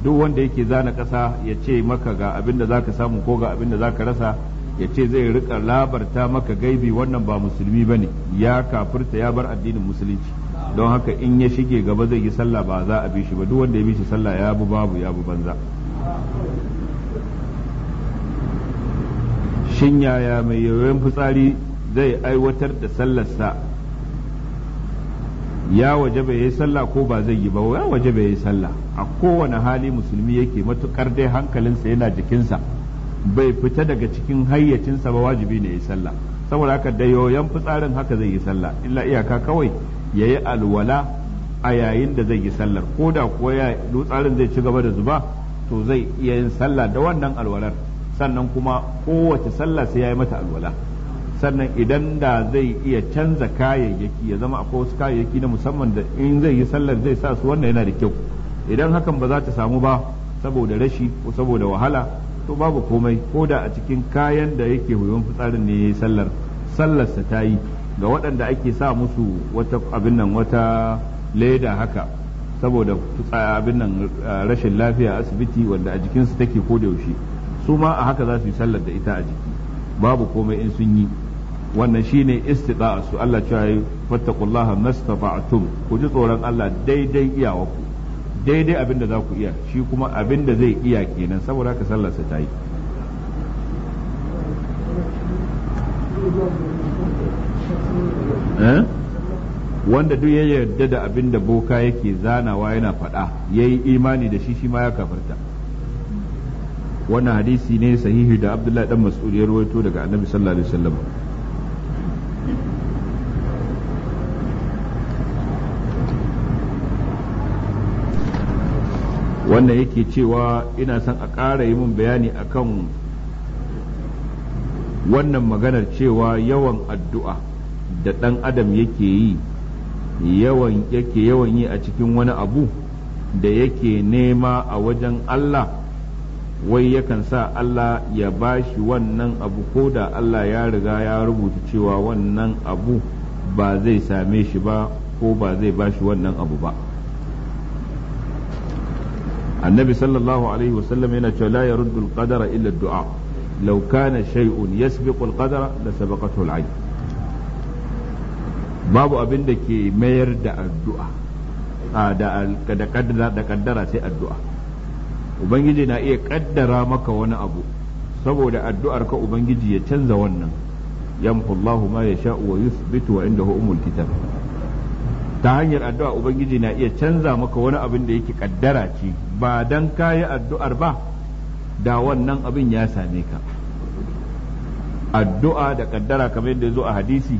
duk wanda yake zana ƙasa ya ce maka ga abin da za ka samu ko ga abin da za ka rasa ya ce zai rika labarta maka gaibi wannan ba musulmi ba ne ya kafirta ya bar addinin musulunci don haka in ya shige gaba zai yi sallah ba za a bi shi ba duk wanda ya bi shi sallah ya bu babu ya bu banza shin yaya mai yoyon fitsari zai aiwatar da sallarsa ya waje bai yi sallah ko ba zai yi ba ya waje bai yi sallah a kowane hali musulmi yake matukar dai hankalinsa yana jikinsa bai fita daga cikin hayyacinsa ba wajibi ne ya yi sallah saboda haka da yoyon fitsarin haka zai yi sallah illa iyaka kawai ya yi alwala a yayin da zai yi sallar ko da kuwa ya dutsarin zai ci gaba da zuba to zai iya yin sallah da wannan alwalar sannan kuma kowace sallah sai ya yi mata alwala sannan idan da zai iya canza kayayyaki ya zama akwai wasu kayayyaki na musamman da in zai yi sallar zai sa su wannan yana da kyau idan hakan ba za ta samu ba saboda rashi ko saboda wahala to babu komai ko da a cikin kayan da yake hoyon fitsarin ne ya yi sallar sallarsa ta yi ga waɗanda ake sa musu wata abin nan wata leda haka saboda abin nan rashin lafiya asibiti wanda a jikinsu take ko da yaushe su ma a haka za su yi sallar da ita a jiki babu komai in sun yi wannan shine istida'a su Allah cewa yi fattaqullaha mastata'tum ku ji tsoron Allah daidai ku daidai abin da za ku iya shi kuma abin da zai iya kenan saboda haka sallarsa ta yi eh? wanda duk ya yarda da abin da boka yake zanawa yana faɗa ya yi imani da shi shi ma ya kafarta wannan hadisi ne sahihi da abdullahi dan mas'ud ya rawaito daga annabi sallallahu alaihi wasallam wannan yake cewa ina son a ƙara yi min bayani akan wannan maganar cewa yawan addu'a da ɗan adam yake yi yawan yake yawan yi a cikin wani abu da yake nema a wajen Allah wai yakan sa Allah ya bashi wannan abu ko da Allah ya riga ya rubuta cewa wannan abu ba zai same shi ba ko ba zai bashi wannan abu ba annabi sallallahu alaihi wasallam yana cewa la yaruddu al-qadara illa ad-du'a law kana shay'un yasbiqu al-qadara la sabaqathu babu abin da ke mayar da addu'a da kaddara sai addu'a ubangiji na iya kaddara maka wani abu saboda addu'ar ka ubangiji ya canza wannan yamhu Allahu ma yasha wa yuthbitu wa indahu umul kitab ta hanyar addu'a ubangiji na iya canza maka wani abin da yake kaddara ce ba dan kayi addu'ar ba da wannan abin ya same ka addu'a da kaddara kamar yadda zo a hadisi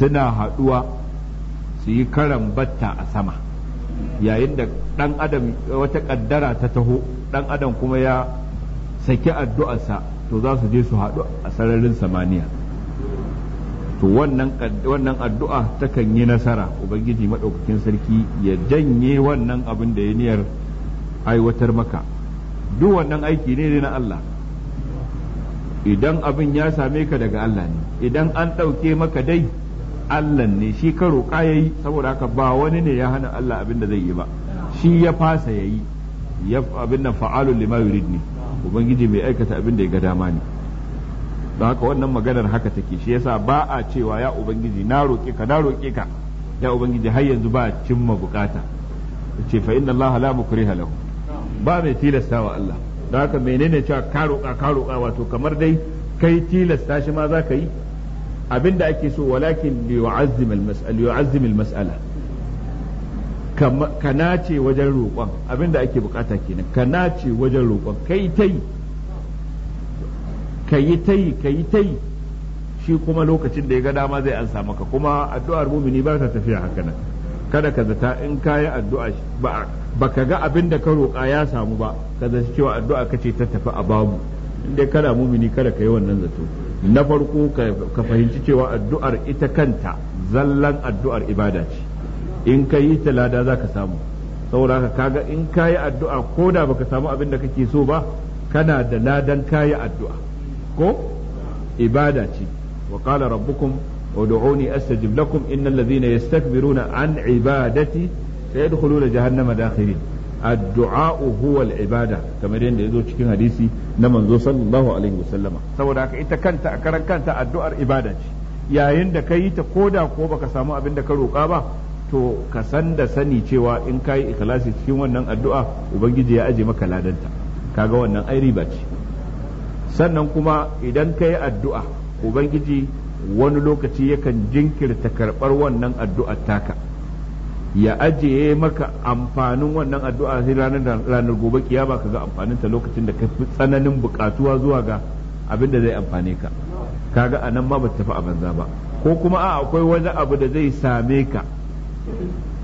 suna haɗuwa su yi karan batta a sama yayin da ɗan adam wata kaddara ta taho ɗan adam kuma ya saki addu'arsa to za su je su haɗu a sararin samaniya to wannan wannan addu'a takan yi nasara ubangiji madaukakin sarki ya janye wannan abin da ya niyar aiwatar maka duk wannan aiki ne na Allah idan abin ya same ka daga Allah ne idan an ɗauke maka dai Allah ne shi ka roƙa yayi saboda haka ba wani ne ya hana Allah abin da zai yi ba shi ya fasa yayi ya abin nan fa'alul lima yurid ne ubangiji mai aikata abin da ya ga dama ne don haka wannan maganar haka take shi yasa ba a cewa ya ubangiji na roƙe ka na roƙe ka ya ubangiji har yanzu ba cimma bukata ce fa inna allaha la mukriha lahu ba mai tilasta wa Allah don haka menene cewa ka roƙa ka roƙa wato kamar dai kai tilasta shi ma za ka yi abinda ake so walakin yu'azzim al-mas'al yu'azzim al-mas'ala kana ce wajen roƙon abinda ake bukata kenan kana ce wajen roƙon kai tai ka yi ta yi ka yi ta shi kuma lokacin da ya ga dama zai ansa maka kuma addu'ar mumini ba ta tafiya haka nan kada ka zata in kayi addu'a ba ka ga abin da ka roƙa ya samu ba ka zata cewa addu'a ka ce ta tafi a babu dai kana mumini kada ka yi wannan zato na farko ka fahimci cewa addu'ar ita kanta zallan addu'ar ibada ce in ka yi ta lada za ka samu saboda haka kaga in kayi addu'a ko da baka samu abin da kake so ba kana da ladan kayi addu'a ko ibada ce wa qala rabbukum ud'uni astajib lakum innal ladhina yastakbiruna an ibadati sayadkhuluna jahannama dakhirin addu'a huwa al-ibada kamar yadda yazo cikin hadisi na manzo sallallahu alaihi wasallama saboda haka ita kanta a karan kanta addu'ar ibada ce yayin da kai ta koda ko baka samu abin da ka roka ba to ka san da sani cewa in ka yi ikhlasi cikin wannan addu'a ubangiji ya aje maka ladanta kaga wannan ai riba ce sannan kuma idan ka yi addu'a ubangiji wani lokaci yakan jinkirta karɓar wannan addu'a taka ya ajiye maka amfanin wannan addu'a sai ranar gobe kiyama ka ga amfaninta lokacin da ka fi tsananin buƙatuwa zuwa ga abin da zai amfane ka kaga a nan ma ba tafi a banza ba ko kuma a akwai wani abu da zai same ka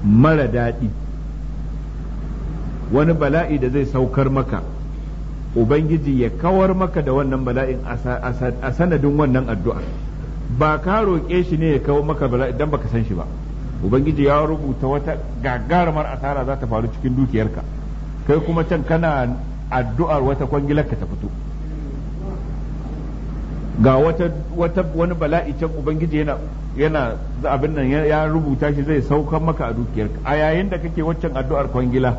mara daɗi wani bala'i da zai saukar maka ubangiji ya kawar maka da wannan bala'in a sanadin wannan addu'a ba ka roƙe shi ne ya kawo maka bala'i ba baka san shi ba ubangiji ya rubuta wata gagarumar asara za ta faru cikin dukiyarka kai kuma can kana addu'ar wata kwangilar ka ta fito ga wata wata wani bala'i can ubangiji yana yana abin nan ya rubuta shi zai saukan maka a dukiyarka a yayin da kake waccan addu'ar kwangila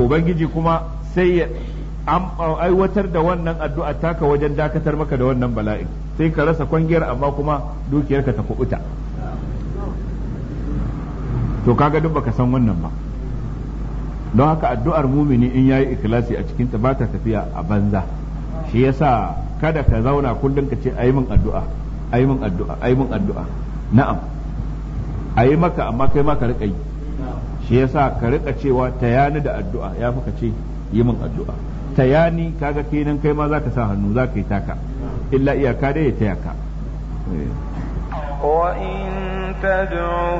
ubangiji kuma sai ya aiwatar da wannan addu'a taka wajen dakatar maka da wannan bala'in sai ka rasa kwangiyar amma kuma dukiyarka ta kubuta to kaga duk baka san wannan ba don haka addu'ar mumini in yayi ikhlasi a cikin ta bata tafiya a banza shi yasa kada ka zauna kullum ka ce ayi min addu'a ayi min addu'a ayi min addu'a na'am ayi maka amma kai ma ka rika yi shi yasa ka rika cewa tayani da addu'a ya fi ka ce yi min addu'a tayani kaga kenan kai ma zaka sa hannu zaka yi taka illa iyaka dai ya taya ka eh. wa in